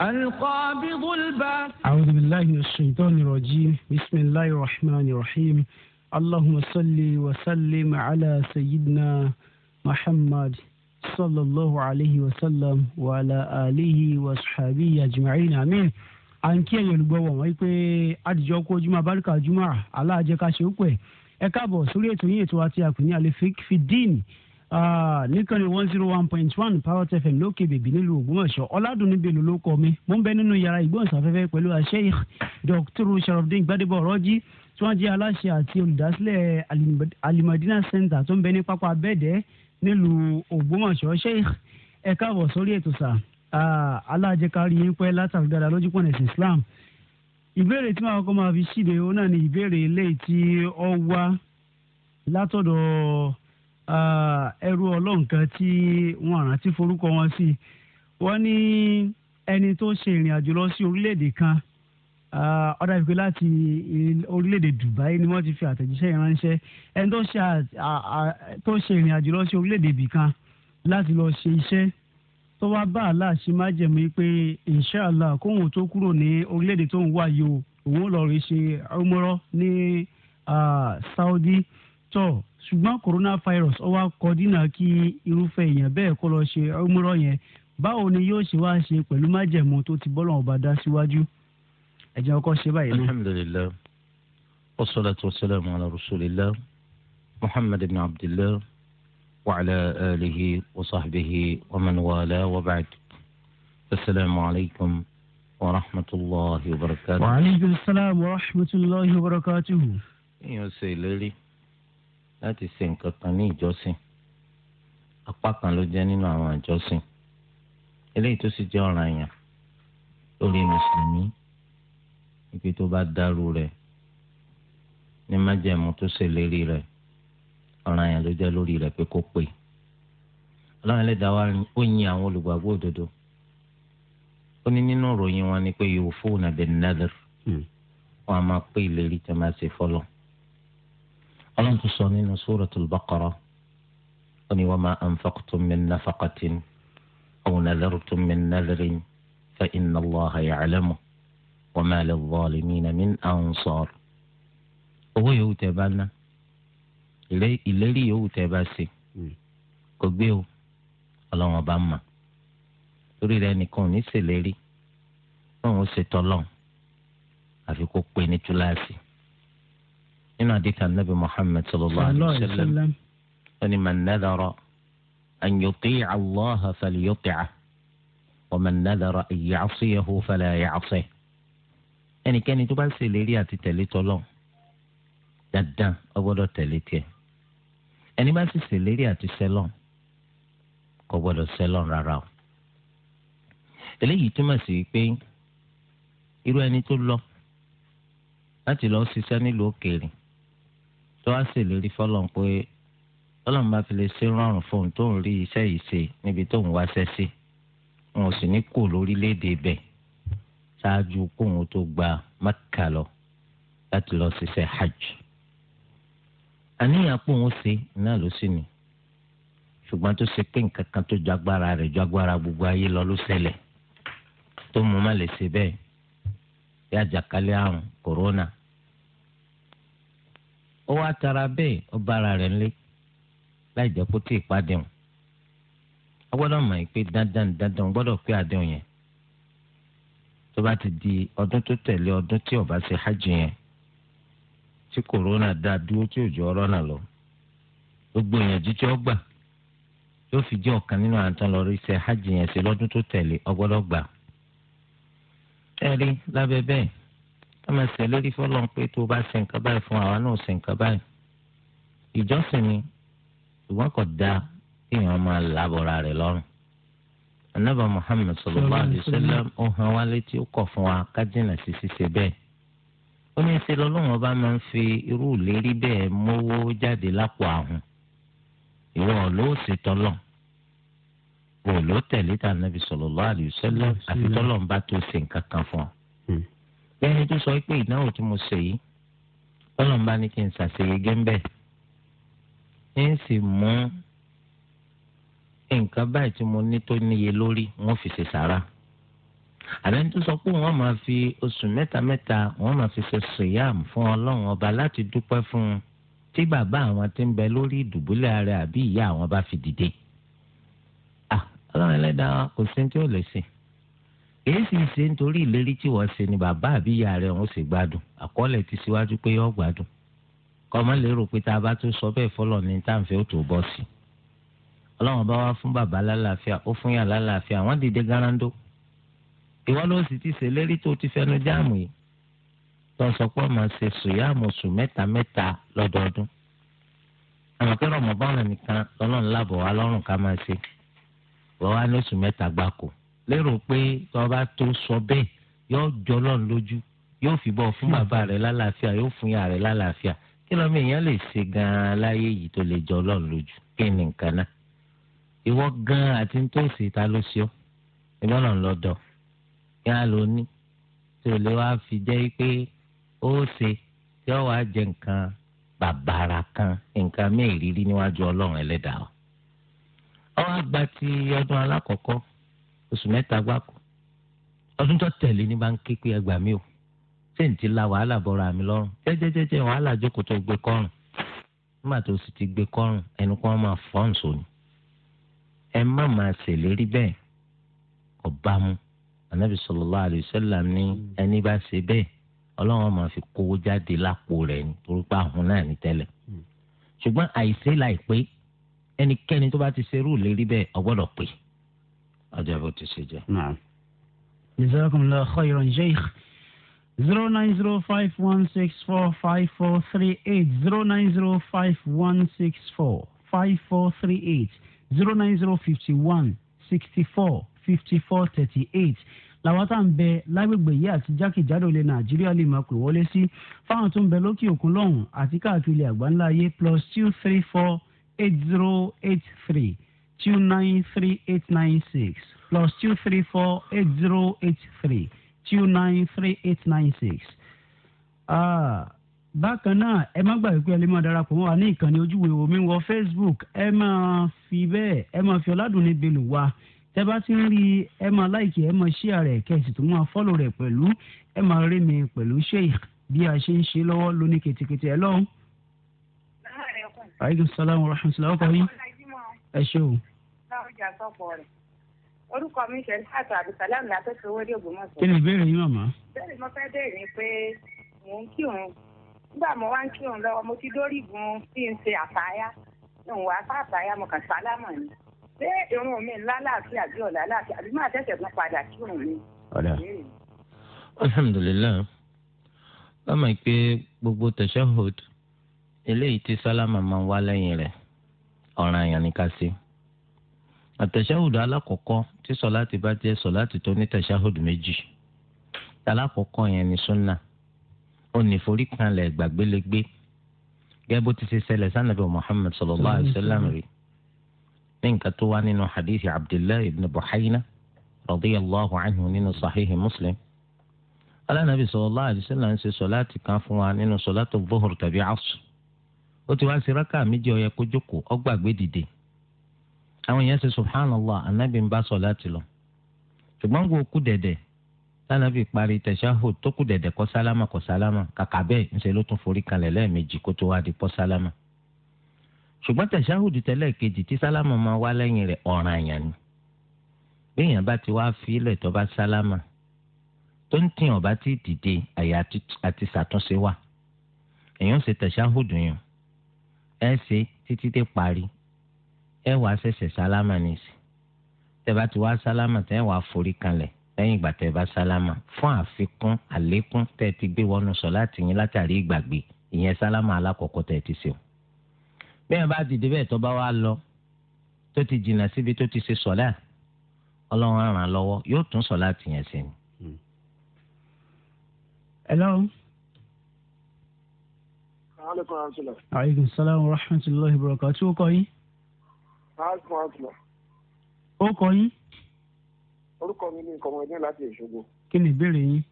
القابض الباسط أعوذ بالله من الشيطان الرجيم بسم الله الرحمن الرحيم اللهم صل وسلم على سيدنا محمد صلى الله عليه وسلم وعلى آله وصحبه أجمعين آمين à ń kí ẹ̀yin olùgbọ́wọ́ wọn pé àdìjọ́ kó jùmọ̀ abáríkà jùmọ̀ aláàjẹká ṣe ó pẹ́ ẹ káàbọ̀ sórí ètò yín ètò àti àpò ní àlefik fidíìnì Ah, níkànnì one zero one point one Power FM lókè bèbí nílùú Ògbómọ̀ṣọ́ ọ̀làdùnní bèlò ló kọ́ mi mo ń bẹ nínú yàrá ìgbóhùnsáfẹ́fẹ́ pẹ̀lú Sheikh Dr. Sharafdin Gbadebo Ọ̀rọ̀jì tí wọ́n jẹ́ aláṣẹ àti olùdásílẹ̀ Alimadina Center tó ń bẹ ní pápá abẹ́ẹ̀dẹ́ nílùú Ògbómọ̀ṣọ́ Sheikh ẹ káàbọ̀ sórí ètò sà ah, alájẹkárí yín pẹ́ látàrí dáadáa lójú pọ̀nà ẹ̀sìn Islam ìbéèrè tí màá kọ́ máa fi ṣíde ó náà ní ìbéèrè eléyìí tí ó wá látọ̀dọ̀ ẹrú ọlọ́run kan tí wọ́n rántí forúkọ wọn sí wọ́n ní ẹni tó ṣe ìrìn àjò lọ sí orílẹ̀-èdè kan ọ̀dà ìpè láti orílẹ̀-èdè Dubai ni wọ́n ti fi àtẹ̀jíṣẹ́ ìránṣẹ́ ẹni tó ṣe ìrìn àjò lọ sí orílẹ̀-èdè ibì kan láti lọ ṣe iṣẹ́ tó wá bá àlá ṣe má jẹ̀mú pé inshàlá kóhun tó kúrò ní orílẹ̀-èdè tó ń wá yìí o lọ rí ṣe ọmọrọ ní Saudi. Uh, tó ṣùgbọ́n coronavirus ó wá kọ dínà kí irúfẹ́ èèyàn bẹ́ẹ̀ kó lọ ṣe ọmúrọ̀ yẹn báwo ni yóò ṣe wá ṣe pẹ̀lú májẹ̀mú tó ti bọ́ lọ́wọ́ bá dá síwájú ẹ̀jẹ̀ ọkọ ṣe báyìí náà. alhamdulilayi wa salatu ala rasulillah muhammad ibn abdillah wa ala alihi wa sahbihi wa man wala wa ba'd asalaamu alaykum wa rahmatulahi wa barakatuhu. wa aleykum salaam wa rahmatulahi wa barakatuhu. èèyàn ṣe ìlérí láti ṣe nǹkan kan ní ìjọsìn apá kan ló jẹ́ nínú àwọn ìjọsìn eléyìí tó sì jẹ́ ọ̀ranyàn lórí mùsùlùmí ibi tó bá dàrú rẹ̀ ní májẹ̀mú tó ṣèlérí rẹ̀ ọ̀ranyàn ló jẹ́ lórí rẹ̀ pé kó pè ọlọ́run ẹlẹ́dàá wa ó yin àwọn olùgbàgbọ́ òdodo ó ní nínú ìròyìn wọn ni pé yòófó nàbẹ̀ nàdẹ̀r wọn a máa pé ìlérí tó máa ṣe fọlọ́n ọlọ́run ti sọ nínú suratul Baqara ó ní wa ma anfaqtum min nafaqatin aw nadhartum min nadhrin fa inna Allaha ya'lamu wa ma lil-zalimina min ansar. owó yòówù tẹ́ bá ná ìlérí yòówù tẹ́ bá ṣe hmm. kò gbé o ọlọ́run ọba mà torí rẹ̀ nìkan ní ṣèlérí báwọn ó ṣe tọ́lọ́run àfi kó pe ní túláàsì nínú àdìkà nàbì muhammed sallallahu alayhi wa sallam wọn ni man nadara an yuti'a allaha falyuti'ah wa man nadara an ya'siyahu fala ya'sih ẹnikẹ́ni tó bá ṣèlérí àti tẹ̀lé tọ́lọ́ dandan ó gbọ́dọ̀ tẹ̀lé tiẹ̀ ẹni bá sì ṣèlérí àti sẹ́lọ̀ kò gbọ́dọ̀ sẹ́lọ̀ rárá o eléyìí túmọ̀ sí pé irú ẹni tó lọ láti lọ ṣiṣẹ́ nílùú òkèèrè tó wá ṣèlérí fọlọ́n pé fọlọ́n bá fi lè ṣe rọrùn fóun tó ń rí iṣẹ́ yìí ṣe níbi tó ń wáṣẹ́ sí wọn ò sì ní kù lórílẹ̀‐èdè bẹ̀ ṣáájú kóun tó gba Mẹ́kà lọ láti lọ ṣiṣẹ́ hajj àníyàn pé òun ṣe náà ló sì ní ṣùgbọ́n tó ṣe pé nǹkan kan tó ju agbára rẹ̀ ju agbára gbogbo ayé lọ ló ṣẹlẹ̀ tó mú má lè ṣe bẹ́ẹ̀ bí àjàkálẹ̀ àrùn kòrónà ó wá tara bẹ́ẹ̀ ó bára rẹ̀ lé láì jẹ́ kó tí ì pàdé wọn a gbọ́dọ̀ mọ̀ pé dandan dandan gbọ́dọ̀ pé àdéhùn yẹn tó bá ti di ọdún tó tẹ̀lé ọdún tí ọba ṣe hajj yẹn tí kòrónà dá dúró tí òjò ọ̀rọ̀ náà lọ gbogbo ìyànjú tí ó gbà fi jẹ́ ọ̀kan nínú àǹtán lọ hajj yẹn ṣe lọ́dún tó tẹ̀lé gbà ẹ rí ẹ máa ṣèlérí fọlọ́n pé tó bá ṣe nǹkan báyìí fún àwa náà ṣe nǹkan báyìí ìjọsìn ni ṣùgbọ́n kò dáa kí èèyàn máa làbọ̀ra rẹ̀ lọ́rùn anábà Muhammad sallallahu alaihi wasallam ó hàn wá létí ó kọ̀ fún wa kájínà sí ṣíṣe bẹ́ẹ̀ ó ní ṣe lọ́lọ́run ọba máa ń fi irú ìlérí bẹ́ẹ̀ mówó jáde lápò àhùn ìwọ ló ṣètọ́ lọ́n kò ló tẹ̀lé tà nàbì sallallahu alaihi wasallam bẹ́ẹ̀ni tó sọ pé ìdánwò tí mo ṣe yìí ọlọ́run bá ní kí n ṣàṣeyege ń bẹ̀ ń sì mú nǹkan báyìí tí mo ní tó níye lórí wọ́n fi ṣe sàrà àlẹ́ ní tó sọ pé wọ́n máa fi oṣù mẹ́ta mẹ́ta wọ́n máa fi ṣe sèyàm fún ọlọ́run ọba láti dúpẹ́ fún tí bàbá àwọn tí ń bẹ lórí ìdùbúlẹ̀ rẹ̀ àbí ìyá àwọn bá fi dìde. ọlọ́run ẹlẹ́dàá kò sí tí ó lè sìn èyí sì ń ṣe nítorí ìlérí tí wọ́n ṣe ni bàbá àbí ìyá rẹ̀ ń ṣe gbádùn àkọọ́lẹ̀ ti síwájú pé yọ gbádùn kọ́mọ lérò pé tá a bá tó sọ bẹ́ẹ̀ fọlọ́ ní táǹfẹ́ ó tó bọ́ sí i ọlọ́run bá wá fún bàbá lálàáfíà ó fún yà lálàáfíà wọ́n dìde garando ìwọ ló sì ti ṣèlérí tó ti fẹnu jáàmù yìí tó sọ pé ọmọ ṣe sùyàmù sùn mẹ́ta mẹ́ta lọ́dọọdún àwọn akẹ́rọ̀ ọmọ lérò pé tọba tó sọ bẹ́ẹ̀ yóò jọlọ lójú yóò fi bọ fún bàbá rẹ lálàáfíà yóò fún ìyá rẹ lálàáfíà kí lọ́mọ èèyàn lè ṣe gan-an láyé yìí tó lè jọlọ lójú kí ni nǹkan náà ìwọ gan àti tó ṣe ta ló ṣe ọ ìbọn náà lọ dọ kí á lọ ní tí ò lè fi jẹ́ pé ó ṣe tí ó wàá jẹ nǹkan bàbàrà kan nǹkan mẹ́rin níwájú ọlọ́run ẹlẹ́dàá ọ. wá gba ti ọdún alákọ̀ọ́kọ́ oṣù mẹ́ta gbáko ọdún tó tẹ̀lé ní bá ń ké pé ẹgbà mi ò ṣé n ti la wàhálà bọ̀rọ̀ àmì lọ́rùn jẹ́jẹ́jẹ́jẹ́ wàhálà jókòó tó gbé kọ́rùn nígbà tó sì ti gbé kọ́rùn ẹnu kọ́ máa fọ́n sóni ẹ má máa ṣèlérí bẹ́ẹ̀ ọba mu anabi sallallahu alaihi wasallam ní ẹni bá ṣe bẹ́ẹ̀ ọlọ́run máa fi kówó jáde lápò rẹ̀ ní torí pé àhùn náà ní tẹ́lẹ̀ ṣùgbọ́n àìsí láìpé ẹnikẹ́ni tó bá ti ṣerú ìlérí bẹ́ẹ̀ ọgbọ́dọ̀ pè é ajabo ti ṣe jẹ. Allah Khayran, sheikh zero nine zero five one six four five four three eight zero nine zero five one six four five four three eight zero nine zero fifty one sixty four fifty four thirty eight làwọn tá à ń bẹ lágbègbè yìí àti jákèjádò ilẹ̀ nàìjíríà lè máa pè wọlé sí fáwọn tó ń bẹ lókè òkun lọ́hùn àti káàkiri àgbáńlá ayé plus two three four eight zero eight three two nine three eight nine six plus two three four eight zero eight three two nine three eight nine six. bákan náà ẹ má gbàgbé pé ẹ lè máa darapọ̀ mọ́ wa ní ìkànnì ojúwe omi wọ facebook ẹ máa fi bẹ́ẹ̀ ẹ máa fi ọ̀làdùnní belò wa tẹ bá ti ń rí ẹ máa láìkì ẹ máa ṣíà rẹ̀ kẹsì tó máa fọ́lò rẹ̀ pẹ̀lú ẹ máa rí mi pẹ̀lú sheikh bí a ṣe ń ṣe lọ́wọ́ lóní kètèkètè ẹ lọ́hùn. aleykum salaam wa rahmatulah ọkọ yìí ẹ ṣé o. báwo jà sọ́pọ̀ rẹ̀ orúkọ mi ṣe láti abdulsalam látọ́sí owó dé Ògbómọ̀ṣọ́. kí ni ìbéèrè yín màmá. bẹ́ẹ̀ ni mo fẹ́ bẹ̀rẹ̀ ni pé mò ń kírun nígbà mo wá ń kírun lọ́wọ́ mo ti dórí gun tí n ṣe àtàyà òun wá fà àtàyà mo kàn sálámà ni ṣé irun mi ńlá láàfin àbí ọ̀la láàfin àbí máa tẹ̀sẹ̀ tún padà kírun mi. ọ̀dà alhamdulilayi bámọ̀ pé gbogbo tashahhud eléyìí tí sálámà máa ń wá lẹ́yìn rẹ̀ ọ̀ranyàn ni ká ṣe. àtẹ̀sáhùdù alákọ̀ọ́kọ́ tí sọ̀láàtì bá jẹ́ sọ̀láàtì tó ní tẹ̀sáhùdù méjì alákọ̀ọ́kọ́ yẹn ni súnà ó ní forí kanlẹ̀ gbàgbélégbé gẹ́gẹ́ bó ti ṣe ṣẹlẹ̀ sànàbí Muhammad sallallahu alayhi wa sallam rí ní nǹkan tó wá nínú hadithi Abdullahi ibn Buhayna radiyallahu anhu nínú sahihi Muslim alanabi sallallahu alayhi wa sallam ṣe sọ̀láàtì kan fún wa nínú sọ̀láàtì dhuhur tàbí asr ó ti wá sí rákà méjì ó kó jókòó ó dìde àwọn èèyàn ṣe subhanallah anabi ń bá sọ láti lọ ṣùgbọ́n gbọ́ kú dẹ̀dẹ̀ tánàbì parí tẹ̀síáhù tó kú dẹ̀dẹ̀ kọ́ sálámà kọ́ sálámà kàkà bẹ́ẹ̀ ńṣe ló tún forí kalẹ̀ lẹ́ẹ̀mejì kó tó wá di pọ́ sálámà ṣùgbọ́n tẹ̀síáhù di tẹ́lẹ̀ kejì tí sálámà máa wá lẹ́yìn rẹ̀ ọ̀ràn àyàn ni bí èèyàn bá ti wá fílẹ̀ tó bá sálámà tó ń tìyàn bá ti dìde àyà àti ṣàtúnṣe wà èèyàn ṣe tẹ̀síáhù dùn yàn ẹ ṣe títí dé parí ẹ wàá ṣẹ̀ṣẹ̀ sálámà nìsí tẹ́ bá ti wá sálámà tẹ́ wàá forí kanlẹ̀ lẹ́yìn ìgbà tẹ́ bá sálámà fún àfikún àlékún tẹ́ ti gbé wọnú sọ láti yín látàrí ìgbàgbé ìyẹn sálámà alákọ̀ọ́kọ́ tẹ́ ti ṣe o bẹ́ẹ̀ bá dìde bẹ́ẹ̀ tó bá wá lọ tó ti jìnnà síbi tó ti ṣe sọ̀lá ọlọ́run ràn án lọ́wọ́ yóò tún sọ̀lá tìyẹn ṣe ni. ẹ lọ́run aleykum salaam wa rahmatulahi wa barakatuh tí ó kọ yín. ó kọ yín. orúkọ mi ni nǹkan ọmọdé láti Òṣogbo. kí ni ìbéèrè yín.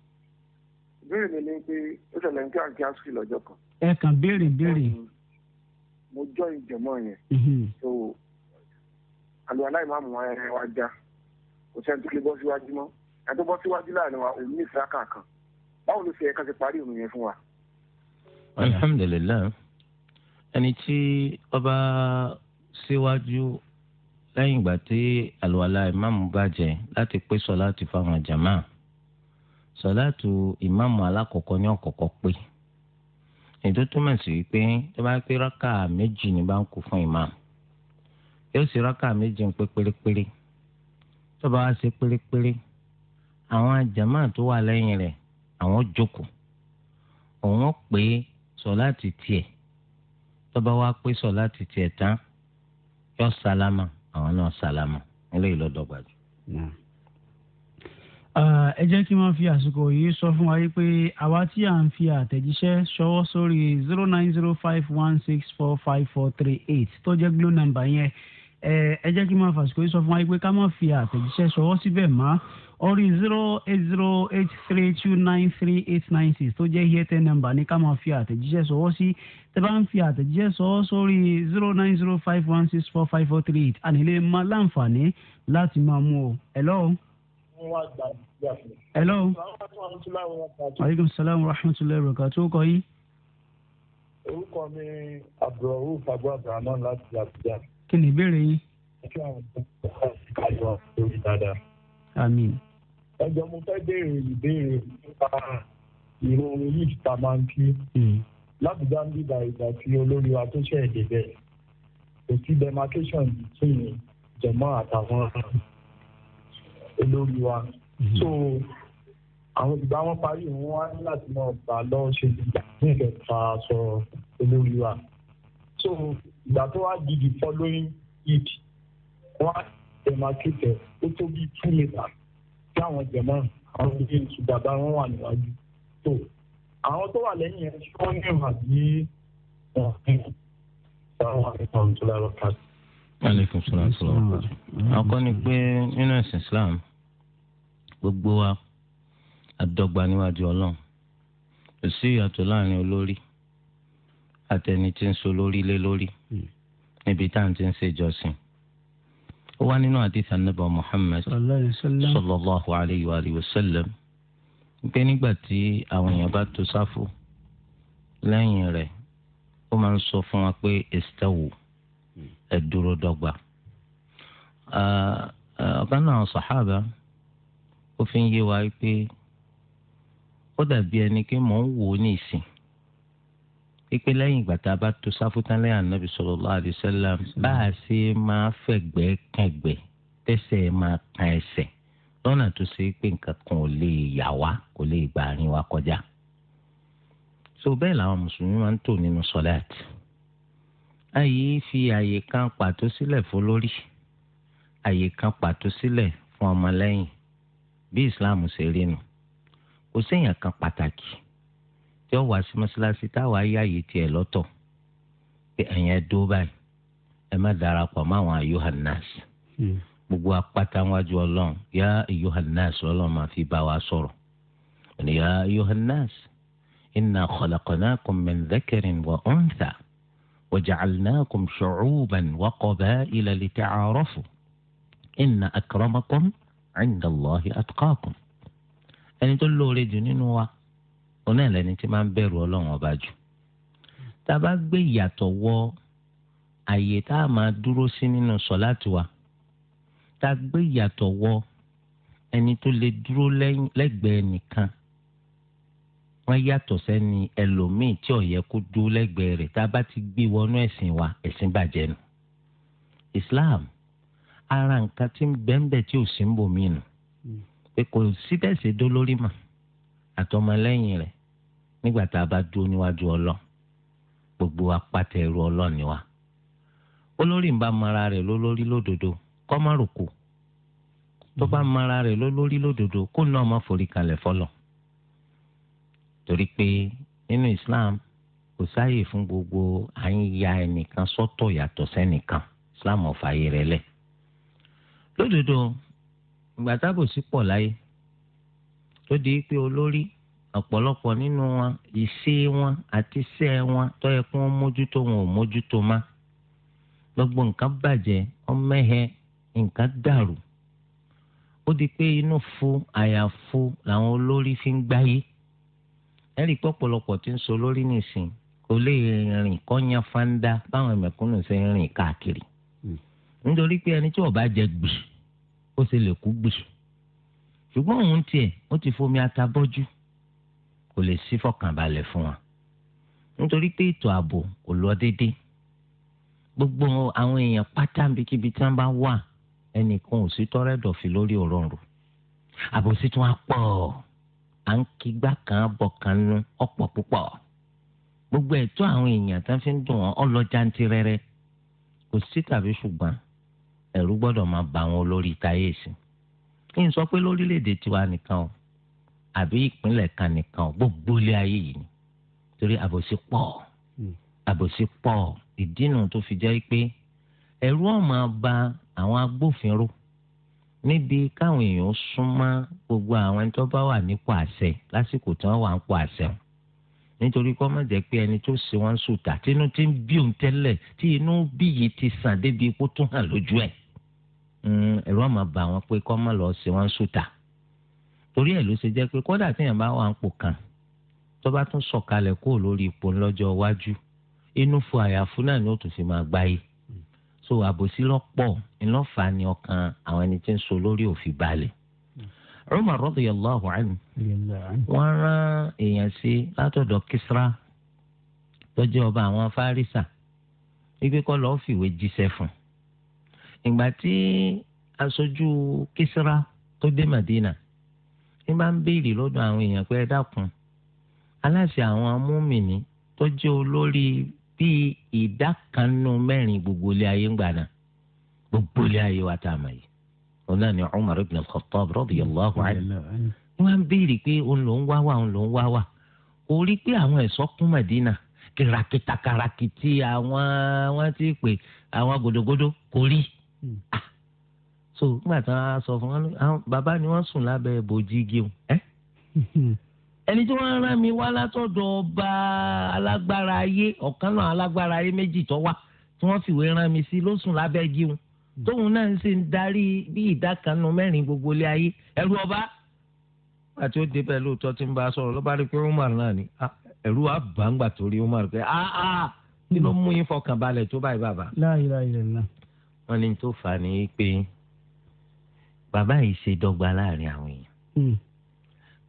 ìbéèrè mi ni pé ó ṣẹlẹ̀ ń kí àǹkí àṣírí lọ́jọ́ kan. ẹ kàn béèrè béèrè. mo jọ ìjọmọ yẹn. Mhm. so àlùwà láì máa mú ẹ wá já kò sẹ́ni tó lè bọ́ síwájú mọ́ ẹ tó bọ́ síwájú láàrin wa òun ní ìsiraka kan báwo ló ṣe ẹ̀ka ti parí òun yẹn fún wa alhamdulilayi ẹni tí ọba síwájú lẹ́yìn ìgbà tí àlùwàlá ìmáàmù bàjẹ́ láti pé sọláàtì fáwọn jàmá sọláàtù ìmáàmù alákọ̀ọ́kọ́ ní ọ̀kọ̀ọ̀kọ́ pé ètò túmọ̀ sí wípé tó bá pé rákà méjì ní bá ń kú fún ìmáàmù yóò sì rákà méjì ń pé pérépéré tó bá wá ṣe pérépéré àwọn jàmá tó wà lẹ́yìn rẹ̀ àwọn jókòó òun ó pè é sọláàtì tiẹ̀ tọ́ba wa pé sọláàtì tiẹ̀ tán yọ sálámà àwọn náà sálámà eléyìí lọ́dọ̀ gbàjú. ẹ jẹ́ kí wọ́n fi àsìkò yìí sọ fún wa pé àwa tí à ń fi àtẹ̀jíṣẹ́ ṣọwọ́ sórí zero nine zero five one six four five four three eight tó jẹ́ glo nọ́mbà yẹn ẹ jẹ́ kí wọ́n fàsìkò yìí sọ fún wa pé ká má fi àtẹ̀jíṣẹ́ ṣọwọ́ síbẹ̀ mọ́ orí zero eight zero eight three two nine three eight nine six tó jẹ́ airtel number ní ká máa fi àtẹ̀jíṣẹ́ sọwọ́ sí tẹ́ bá ń fi àtẹ̀jíṣẹ́ sọwọ́ sórí zero nine zero five one six four five four three eight ànílé máa láǹfààní láti máa mú o. hello. hello. aleykum salaam wa rahmatulahi wa barakatuh kọ́ yín. orúkọ mi abdulrahman fagbọn abdulrahman láti Àbújá. kí ni ìbéèrè yín. kí àwọn ọmọ ìgbà kan ṣe kájọ lórí dáadáa ẹjọ́ mo fẹ́ béèrè ìbéèrè nípa ìró relief tá a máa ń kí hmm. láti dáńbí ìgbà ìgbà tí olórí wa tó ṣe èdè bẹ́ẹ̀ kò sí demarcation between jẹ̀mọ́ àtàwọn olórí wa hmm. so àwọn ìgbà wọn parí wọn wá ní láti máa gbà lọ ṣe ìgbà ní ìkẹta sọ olórí wa so ìgbà tó wá di the following it: wọn á demarcate ó tó bí two meters láwọn jẹ̀mọ́ àwọn ilé ìtú bàbá wọn wà níwájú tó àwọn tó wà lẹ́yìn yẹn tí wọ́n ní ìwà bí wọ́n fi báwọn àìsàn tó lárọ́ ká. aleykum salaam salaam àkọ́ ni pé nínú ẹ̀sìn Islam gbogbo wa àdọ́gba níwájú Ọlọ́run kò sí ìyàtọ̀ láàrin olórí àtẹni tí ń so lórí lé lórí hmm. níbi tá à ń ti ń ṣèjọsìn. Mm ó wá nínú àdìsí anábà Muhammad sallallahu alayhi wa sallam pé nígbà tí àwọn èèyàn bá tó sáfù lẹ́yìn rẹ̀ ó máa ń sọ fún wa pé istawu ẹ dúró dọ́gba. ọ̀kan náà sàhábà ó fi ń yé wa pé ó dàbí ẹni pé mò ń wò ó ní ìsìn pípẹ́ lẹ́yìn ìgbà tá a bá to sáfútánlẹ́ ànábì sallallahu alaihi wasallam bá a ṣe máa fẹ̀gbẹ́ kẹ̀gbẹ́ tẹ̀sẹ̀ máa kan ẹsẹ̀ lọ́nà tó ṣe pé nǹkan kan ò lè yà wá kò lè gbà rìn wá kọjá. so bẹ́ẹ̀ làwọn mùsùlùmí máa ń tò nínú sọ́láàtì. àyè fi àyè kan pàtó sílẹ̀ fún lórí àyè kan pàtó sílẹ̀ fún ọmọlẹ́yìn bí islam ṣe rí nu kò séèyàn kan pàtàkì tí ó wá sí mọ́ṣáláṣí táwa yá yìí tiẹ̀ lọ́tọ̀ pé ẹ̀yin ẹ dó báyìí ẹ má darapọ̀ mọ́ àwọn yohannas gbogbo apáta wájú ọlọ́run yá yohannas ọlọ́run máa fi bá wa sọ̀rọ̀ ẹni ya ayohannas inna khalaqnakum min dhakarin wa untha wa ja'alnakum shu'uban wa qaba'ila lita'arafu tẹ́ akramakum 'inda Allahi atqakum ẹni tó lóore jù nínú wa. oní ẹlẹni tí máa ń bẹ̀rù Ọlọ́run ọba jù tá a bá gbé ìyàtọ̀ wọ àyè tá a máa dúró sí nínú sọláàtì wa tá a gbé ìyàtọ̀ wọ ẹni tó lè dúró lẹ́gbẹ̀ẹ́ nìkan wọ́n yàtọ̀ sẹ́ni ẹlòmíì tí ò kó dúró lẹ́gbẹ̀ẹ́ rẹ̀ tá a bá ti gbé wọnú ẹ̀sìn wa ẹ̀sìn bàjẹ́ nù Islam ara nǹkan tí ń bẹ́ńbẹ́ tí ò sí ń bòmí nù hmm. pé kò sí dó lórí mà àtọmọlẹ́yìn rẹ̀ nígbà tá a bá dúró níwájú ọlọ́run gbogbo apáta ẹrú ọlọ́run ni wa olórí ń bá mara rẹ̀ lólórí lódodo kó má rùkù tó bá mara rẹ̀ lólórí lódodo kó náà má forí kalẹ̀ fọlọ̀ torí pé nínú Islam kò sáàyè fún gbogbo à ń ya ẹnìkan sọ́tọ̀ yàtọ̀ sẹ́nìkan Islam ọ̀fààyè rẹ̀ lẹ̀ lódodo ìgbà tábòsí pọ̀ láyé tó di pé olórí ọ̀pọ̀lọpọ̀ nínú wọn ìṣe wọn àti iṣẹ́ wọn tó yẹ kí wọ́n mójútó wọn ò mójútó má gbogbo nǹkan bàjẹ́ ọmẹ́hẹ nǹkan dàrú ó di pé inú fu àyàfu làwọn olórí fi ń gbáyé ẹ̀rí pọ̀pọ̀lọpọ̀ tí ń sọ lórí nìsín kò lè rìn kọ́nyá fáńdá báwọn mẹ̀kúnnù ṣe ń rìn káàkiri hmm. nítorí pé ẹni tí ó bá jẹ gbì ó ṣe lè kú gbì ṣùgbọ́n òun tiẹ̀ ó ti fomi ata kò lè sí fọkànbalẹ̀ fún wa nítorí pé ètò ààbò kò lọ déédéé gbogbo àwọn èèyàn pátá níbikíbi tí wọ́n bá wà ẹnìkan ò sí tọrẹ dọ̀fì lórí òrọ̀rùn àbòsí tí wọ́n pọ̀ à ń kígbà kan bọ̀ kan nu ọ̀pọ̀ púpọ̀ gbogbo ẹ̀tọ́ àwọn èèyàn tí wọ́n fi ń dùn wọ́n ọlọ́jà ń tirẹ́rẹ́ kò sí tàbí ṣùgbọ́n ẹ̀rú gbọ́dọ̀ máa bà wọn lórí táyé sí i ń sọ pé lórílẹ̀ tiwa nìkan o àbí ìpínlẹ̀ kan nìkan gbogbo ilé ayé yìí ni torí àbòsí pọ̀ hmm. àbòsí pọ̀ ìdínú tó fi jẹ́ pé ẹ̀rú ọ̀mà ba àwọn agbófinró níbi káwọn èèyàn súnmọ́ gbogbo àwọn ẹni tó bá wà nípò àṣẹ lásìkò tí wọ́n wà nípò àṣẹ nítorí kọ́ má jẹ́ pé ẹni tó ṣe wọ́n sùtà tínú tí ń bí òun tẹ́lẹ̀ tí inú bí yìí ti sàn débi kó tún hàn lójú ẹ̀ hmm, ẹ̀rú ọ̀mà ba àwọn pé kọ́ má lọ́ọ́ ṣe wọ́n sùtà torí ẹ̀ ló ṣe jẹ́ pé kódà téèyàn bá wà ń pò kan tó bá tún sọ̀kalẹ̀ kó lórí ipò lọ́jọ́ iwájú inú fún àyàfún náà ni ó tún fi máa gbáyé so àbòsí lọ́pọ̀ ńlọ́fà ni ọkàn àwọn ẹni tí ń so lórí òfin balẹ̀. Umar radiyallahu anhu wọ́n rán èèyàn sí látọ̀dọ̀ Kisra tó jẹ́ ọba àwọn Fárísà wípé kó lọ́ọ́ fìwé jíṣẹ́ fún ìgbà tí aṣojú Kisra tó dé Madina ní bá ń béèrè lọ́dọ̀ àwọn èèyàn pé ẹ dákun aláṣẹ àwọn amúmìnì tó jẹ́ olórí bíi ìdá kan nínú mẹ́rin gbogbo ilé ayé ń gbà náà gbogbo ilé ayé wa tá a mọ̀ yìí òun náà ni Umar ibn al-Khattab radiyallahu anhu ní wọ́n béèrè pé òun ló ń wá wà òun ló ń wá wà kò rí pé àwọn ẹ̀ṣọ́ kún Mẹ̀dínà kìràkìtàkàràkìtì àwọn wọ́n ti pè àwọn gòdògòdò kò rí hmm. ah, so nígbà tí wọ́n á sọ fún wọn bàbá ni wọ́n sùn lábẹ́ bòjì igi o ẹ ẹni tí wọ́n rán mi wá látọ̀dọ̀ ọba alágbára ayé ọ̀kan náà alágbára ayé méjì tó wà tí wọ́n fìwé rán mi sí ló sùn lábẹ́ igi o tóun náà ń ṣe ń darí bí ìdákanu mẹ́rin gbogbo ilé ayé ẹrú ọba àti ó débẹ̀ lóòótọ́ tí ń bá a sọ̀rọ̀ ló bá rí pé Umar náà ni ah, ẹrú àbáǹgbà torí Umar pé áá ah, ah, kí ló mú yín fọkàn balẹ̀ tó báyìí bàbá. láàyè láàyè náà. wọ́n ní tó fà ní pé bàbá yìí ṣe dọ́gba láàrin àwọn èèyàn hmm.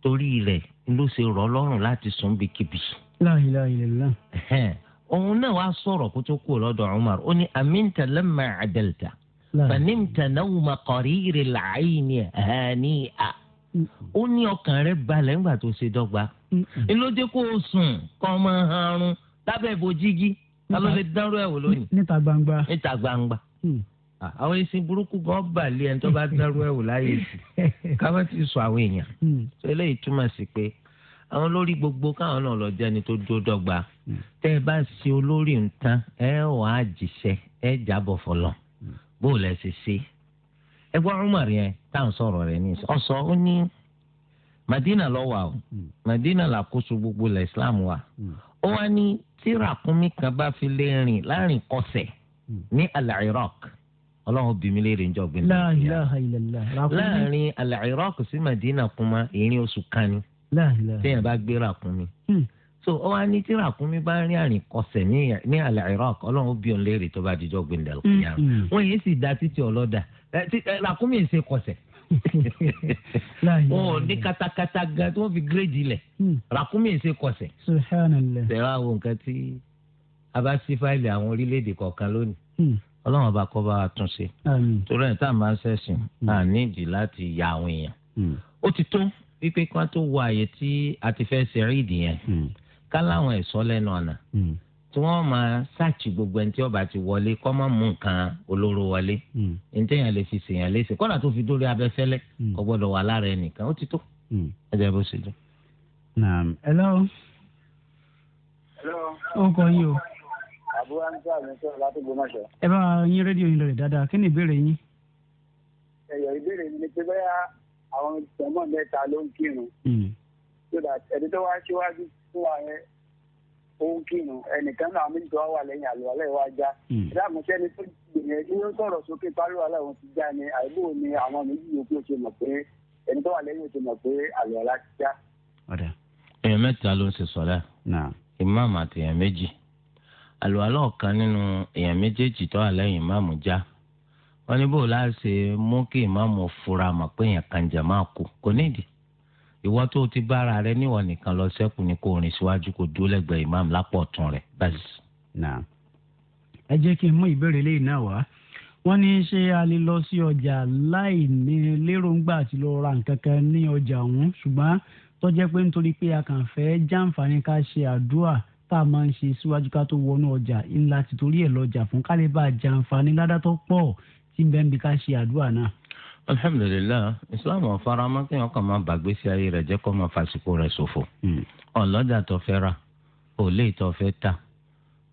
torí rẹ̀ ló ṣe rọ̀ lọ́rùn láti sùn bíkíbi. láàyè láàyè lẹ́la. òun náà wàá sọ̀rọ̀ kó tó kú lọ́dọ̀ Umar ó ní aminta lamma adalta fanimta nawma qariri al-ayni hani'a hmm. ó ní ọkàn rẹ̀ balẹ̀ ńgbà tó ṣe dọ́gba ìlójú hmm. kó sùn kọ́ ọmọ ọrùn lábẹ́ ìbòjígí ta lè dánrú ẹ̀ wò lónìí. níta gbangba. níta gbangba. Ah, àwọn ẹṣin burúkú gan balẹ̀ ẹni tó bá dárú ẹ̀wò láyé sí káwọn ti sọ àwọn èèyàn tó hmm. eléyìí túmọ̀ sí pé àwọn lórí gbogbo káwọn náà lọ jẹ́ni tó dúró dọ́gba hmm. tẹ́ ẹ bá ṣe olórí nǹkan ẹ wà á jìṣẹ́ ẹ jábọ̀ fọlọ́ hmm. bó lẹ ṣe ṣe ẹ gbọ́ Umar yẹn táwọn sọ̀rọ̀ rẹ̀ ní ọ̀sọ́ ó ní Madina lọ wà o Madina làkóso gbogbo lẹ̀ Islam wa ó wá ní tí ràkúnmí kan bá fi lè rìn láàrin kọsẹ̀ ní al-Iraq ọlọ́run bí mi léèrè njọ́ gbé ní ìyá láàrin al-Iraq sí Madina kuma ìrìn oṣù kan téèyàn bá gbé ràkúnmí hmm. so ó wá ní tí ràkúnmí bá rí àrìn kọsẹ̀ ní al-Iraq ọlọ́run bí òun léèrè tó bá dijọ́ gbé ní ìyá wọn yìí sì da títí ọlọ́dà ràkúnmí yìí ṣe kọsẹ̀ wọn ò ní katakata gan tí wọn fi gírèdì lẹ hmm. ràkúnmí yìí ṣe kọsẹ̀ ṣẹlẹ àwọn nǹkan tí a bá sí fáìlì àwọn orílẹ̀ ọlọ́run ọba kọ́ bá wa tún ṣe torí ẹ̀ tá à máa ń ṣẹ̀sìn à hmm. ní ìdí láti ya àwọn èèyàn hmm. ó ti tó wípé ká tó wọ àyè tí a ti fẹ́ ṣe rí ìdí yẹn hmm. ká láwọn ẹ̀ṣọ́ lẹ́nu ọ̀nà tí wọ́n máa ṣáàtì gbogbo ẹni tí ọba ti wọlé kọ́ máa mú nǹkan olóró wọlé ní téèyàn lè fi ṣèyàn léṣe kọ́nà tó fi dórí abẹ́fẹ́lẹ́ kò gbọ́dọ̀ wà lára ẹnìkan ó ti tó ẹ̀jẹ̀ bó ṣe dùn. naam hello. hello. ó kọ yín o. Ebe àǹtí nye sọ̀rọ̀ láti gbọmọṣọ. ẹ bá yín rédíò yín lọ rẹ dáadáa kí ni ìbéèrè yín. ẹyọ ìbéèrè mi ni pé bẹ́ẹ̀ àwọn ìtẹ̀mọ́ mẹ́ta ló ń kírun. Hmm. ẹni tó wá síwájú fún wa yẹn ó ń kírun ẹnìkan náà wà lẹ́yìn já. sẹ́ni hmm. tó gbìyànjú sọ̀rọ̀ sókè ti já ni àìbò ni àwọn méjì àlùwàlá ọ̀kan nínú èèyàn méjèèjì tó wà lẹ́yìn ìmáàmù já wọn ní bó láà ṣe mú kí ìmáàmù fura mọ̀ pé èèyàn kan jà máa kú kò nídìí ìwọ tó ti bára rẹ níwọ nìkan lọ sẹ́kù ni kò rìn síwájú kò dúró lẹ́gbẹ̀ẹ́ ìmáàmù ọ̀tún rẹ̀ bẹ́ẹ̀ ẹ n mú ìbéèrè lẹ́yìn náà wá wọ́n ní ṣé a ọjà láì ní àti lọ ọjà ṣùgbọ́n tó jẹ́ pé nítorí pé tá a máa ń ṣe síwájú ká tó wọnú ọjà ńlá ti torí ẹ̀ lọ́jà fún ká bá a jàǹfààní ládàtọ̀ pọ̀ tí ń bẹ́ ń bi ká ṣe àdúrà náà. alhamdulilayi islam ọ̀farama kí wọn kàn máa bàgbésí ayé rẹ̀ jẹ́ kó máa fàṣíkò rẹ̀ ṣòfò hmm. ọlọ́jà tó fẹ́ ra ò lè tó fẹ́ ta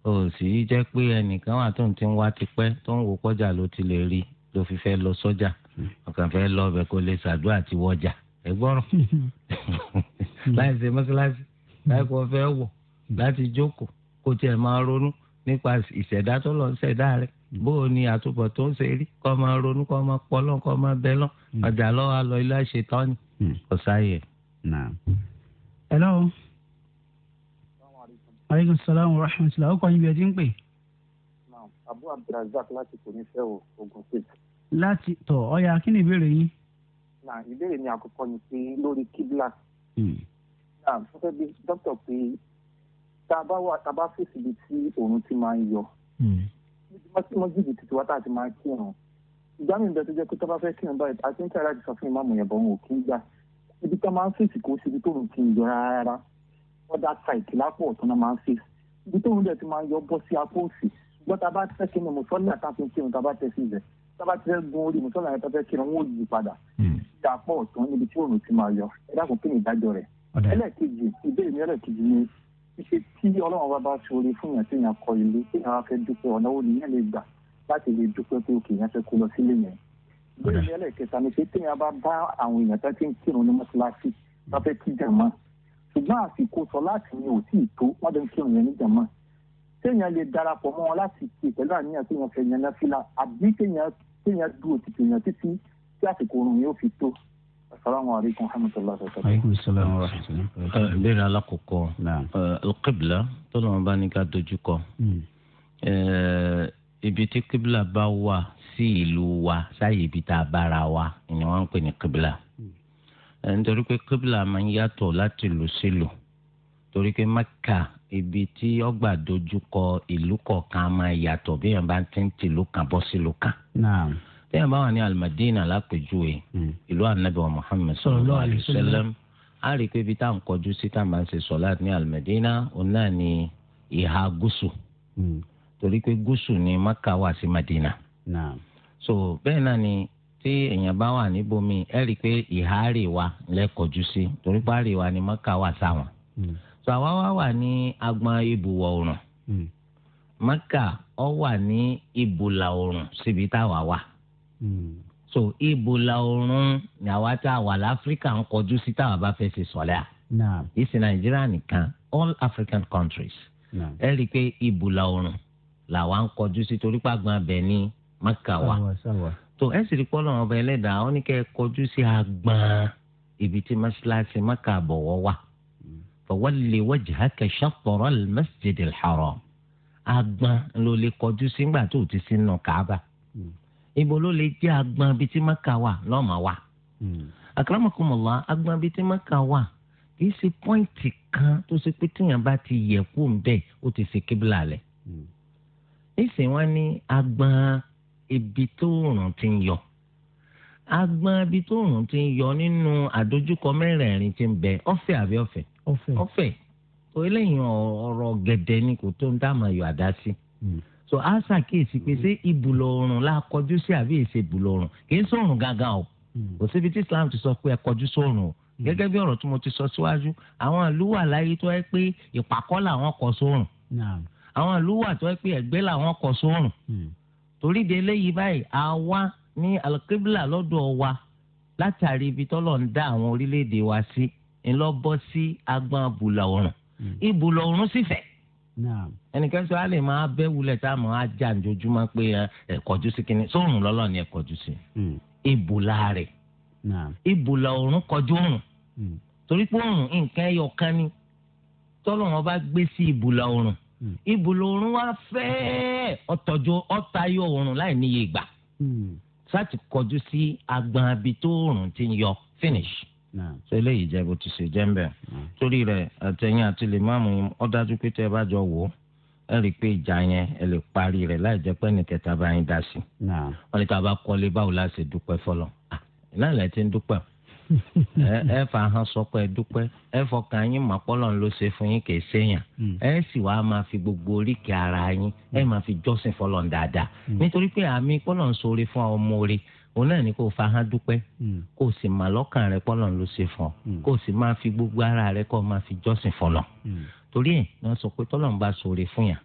ò sì jẹ́ pé ẹnìkan wà tó ń ti wá tipẹ́ tó ń wo kọjá ló ti lè rí ló fi fẹ́ lọ sọ́jà hmm. ọkàn fẹ́ lọ ọbẹ̀ kó lè ṣàdúrà ti wọjà ẹ gbọ́rọ̀ hmm. láì ṣe mọ́ṣáláṣí láì kó fẹ́ wọ̀ ìgbà tí jókòó kó tiẹ̀ máa ronú nípa ìṣẹ̀dá tó lọ ṣẹ̀dá rẹ̀ bóò ni àtúbọ̀ tó ń ṣe rí kọ́ máa ronú kọ́ máa pọ́lọ́ kọ́ máa bẹ́lọ́ hmm. ọjà lọ́wọ́ lọ ilé ṣetán ni hmm. kò sáyè. hello aleykum salaam wa rahmatulah ó kọ́ yín bí ẹ ti ń pè. abu abdulrasaq láti kò ní fẹ́ o ogun state. láti tọ̀ ọ̀ya kí ni ìbéèrè yín. na ìbéèrè mi àkọ́kọ́ ni pé lórí kíbla. Hmm. na mo fẹ́ bí dókítà pé tá a bá wà tá a bá fèsì ibi tí òun ti máa ń yọ hmm. mọ́jìdì títí wá tá a ti máa kírun ìgbà mi ń bẹ tó jẹ́ pé tó bá fẹ́ kírun báyìí àti ń tẹ̀lé àti sọ fún ìmáàmù yẹn bọ̀ òun ò kí ń gbà ibi tó máa ń fèsì kó síbi tó òun kì í yọ rárá ọ̀dà sàìtì lápò ọ̀tún náà máa ń fèsì ibi tó òun dẹ̀ ti máa ń yọ bọ́ sí apó òsì ṣùgbọ́n tá a bá fẹ́ kí ni ìdájọ́ ìbéèrè mi ẹlẹ́ẹ̀kejì ni ṣe tí ọlọ́run bá bá ṣòro fún yàn tí yàn kọ́ ilé tí yàn fẹ́ dúpẹ́ ọ̀nà wo nìyẹn lè gbà láti lè dúpẹ́ pé òkè yẹn fẹ́ kó lọ sílé yẹn. bẹ́ẹ̀ ni ẹlẹ́kẹta ni ṣé tí yàn bá bá àwọn èèyàn tó ti ń kírun ní mọ́ṣáláṣí bá fẹ́ kí jàmá ṣùgbọ́n àsìkò sọ láti ní òtí ìtó wọ́n ti kírun yẹn ní jàmá. téèyàn lè darapọ̀ mọ́ wọn láti kí pẹ̀lú àníyàn tí àsìkò òrùn yóò asalaamualeykum rahmatulah sọtọ. aleykum salaam wa rahmatulah. Eh, ìbéèrè alákọ̀ọ́kọ́ eh, alqibla tọ́lọ́mọba ní ká dojú kọ hmm. eh, ibi tí qibla bá wà sí ìlú wa sáyé ibi tá a bára wa ni wọ́n ń pè ní qibla hmm. nítorí pé qibla máa ń yàtọ̀ láti lù sí lù torí pé Mẹ́kà ibi tí ọgbà dojú kọ ìlú kọ̀ọ̀kan máa yàtọ̀ bí yẹn bá ti ń tìlú kan bọ́ sílùú kan. Naam téèyàn bá wà ní alimadina lápèjúwe hmm. ìlú anabi wa muhammed sallallahu alayhi wa sallam a rí i pé ibi tá à ń kọjú sí tá à máa ń ṣe sọláàt ní alimadina òun náà ní ìhà gúúsù hmm. torí pé gúúsù ni maka wà sí madina so bẹ́ẹ̀ náà ni tí èèyàn bá wà níbomi ẹ rí i pé ìhà àríwá lẹ́kọ̀ọ́jú sí torí pé àríwá ni maka wà sáwọn hmm. so àwa wá wà ní agbọn ibùwọ̀ oòrùn maka ọ wà ní ibùlà oòrùn síbi táwa wà. Mm Hmm. so ibo la oorun ni àwa tá a wà láfíríkà ń kọjú sí táwa bá fẹ́ ṣe sọ́lá ìsìn nàìjíríà nìkan all african countries ẹ rí i pé ibo la oorun làwa ń kọjú sí torí pàgbọ́n abẹ ní maka wa tó ẹ sì rí pọ́ lọ́wọ́ ọba ẹlẹ́dàá ó ní kẹ́ ẹ kọjú sí agbọ́n ibi tí mọ́ṣáláṣí maka àbọ̀wọ́ wà hmm. fawalli wajhaka shatr al-masjid al-haram agbọ́n ló lè kọjú sí ńgbà tó ti sínú kaaba ibo ló lè jẹ́ agbọn bíi tí maka wà lọ́mọ wa. Hmm. akramakumullah agbọn bíi tí maka wà kì í ṣe pọ́ìntì kan tó ṣe pé tíyàn bá ti yẹ kó ń bẹ̀ ó ti ṣe kébìlà lẹ̀. Hmm. nísìnyí wọn ní agbọn ibi tó rùn ti ń yọ agbọn ibi tó rùn ti ń yọ nínú àdójúkọ mẹ́rẹ̀ẹ̀rin ti ń bẹ ọ̀fẹ́ àbí ọ̀fẹ́ ọ̀fẹ́ ọ̀fẹ́ eléyìí ọ̀rọ̀ gẹ̀dẹ̀ ni kò tó ń dá so a ṣàkíyèsí pé ṣé ibùlọ̀ oòrùn la kọjú sí àbí èsè ibùlọ̀ oòrùn kì í sọ̀rùn gangan o hmm. kò síbi tí Islam ti sọ pé ẹ kọjú sọ̀rùn o hmm. gẹ́gẹ́ bí ọ̀rọ̀ tí mo ti sọ síwájú àwọn ìlú wà láyé tó yẹ pé ìpàkọ́ làwọn kọ sọ̀rùn àwọn ìlú wà tó yẹ pé ẹ̀gbẹ́ làwọn kọ sọ̀rùn hmm. torí de eléyìí báyìí àwa ní alqibla lọ́dọ̀ wa látàrí ibi tọ́lọ̀ ń dá àwọn orílẹ̀-èdè wa sí ńlọ sí agbọn abùlà oòrùn ibùlà oòrùn sì fẹ̀ẹ́ ẹnìkan sọ alẹ́ máa bẹ́ wulẹ̀ tá a máa já njojúmọ́ pé ẹ sí kínní sóòrùn lọ́lọ́ ni ẹ sí ibùlà hmm. rẹ̀ ibùlà kọjú òòrùn hmm. torí pé òòrùn nǹkan ẹyọ kan ni tọ́lọ̀ wọn bá gbé sí ibùlà òòrùn ibùlà hmm. òòrùn wá fẹ́ ọ̀tọ̀jọ ọ̀tayọ òòrùn láì níye ìgbà kọjú sí tó yọ ṣe eléyìí jẹ́ bó ti ṣe jẹ́ ń bẹ̀. torí rẹ̀ àtẹ̀yìn àti lè máàmù ọ́ dájú pé tẹ́ ẹ bá jọ wò ó ẹ rí i pé ìjà yẹn ẹ lè parí rẹ̀ láì jẹ́ pé ẹnìkẹta bá yín dá sí. wọ́n ní ká bá kọ́lé báwo la ṣe dúpẹ́ fọlọ́ ah, náà lẹ́ ti ń dúpẹ́ ẹ fà hàn sọpọ ẹ dúpẹ́ ẹ fọkàn yín màpọlọ ló ṣe fún yín kì í ṣèyàn hmm. ẹ sì wàá máa fi gbogbo oríkèé ara yín ẹ hmm. máa fi jọ́sìn fọlọ dáadáa hmm. nítorí pé àmì pọlọ ń ṣoore fún ọmọ rẹ̀ òun náà ní kó fahán dúpẹ́ hmm. kó sì mà lọ́kàn rẹ pọ́lọ̀ ló ṣe fún ọ hmm. kó sì máa fi gbogbo ara rẹ kó máa fi jọ́sìn fọlọ̀ hmm. torí ẹ̀ ni wọ́n sọ pé tọ́lọ́run bá ṣoore fún yàn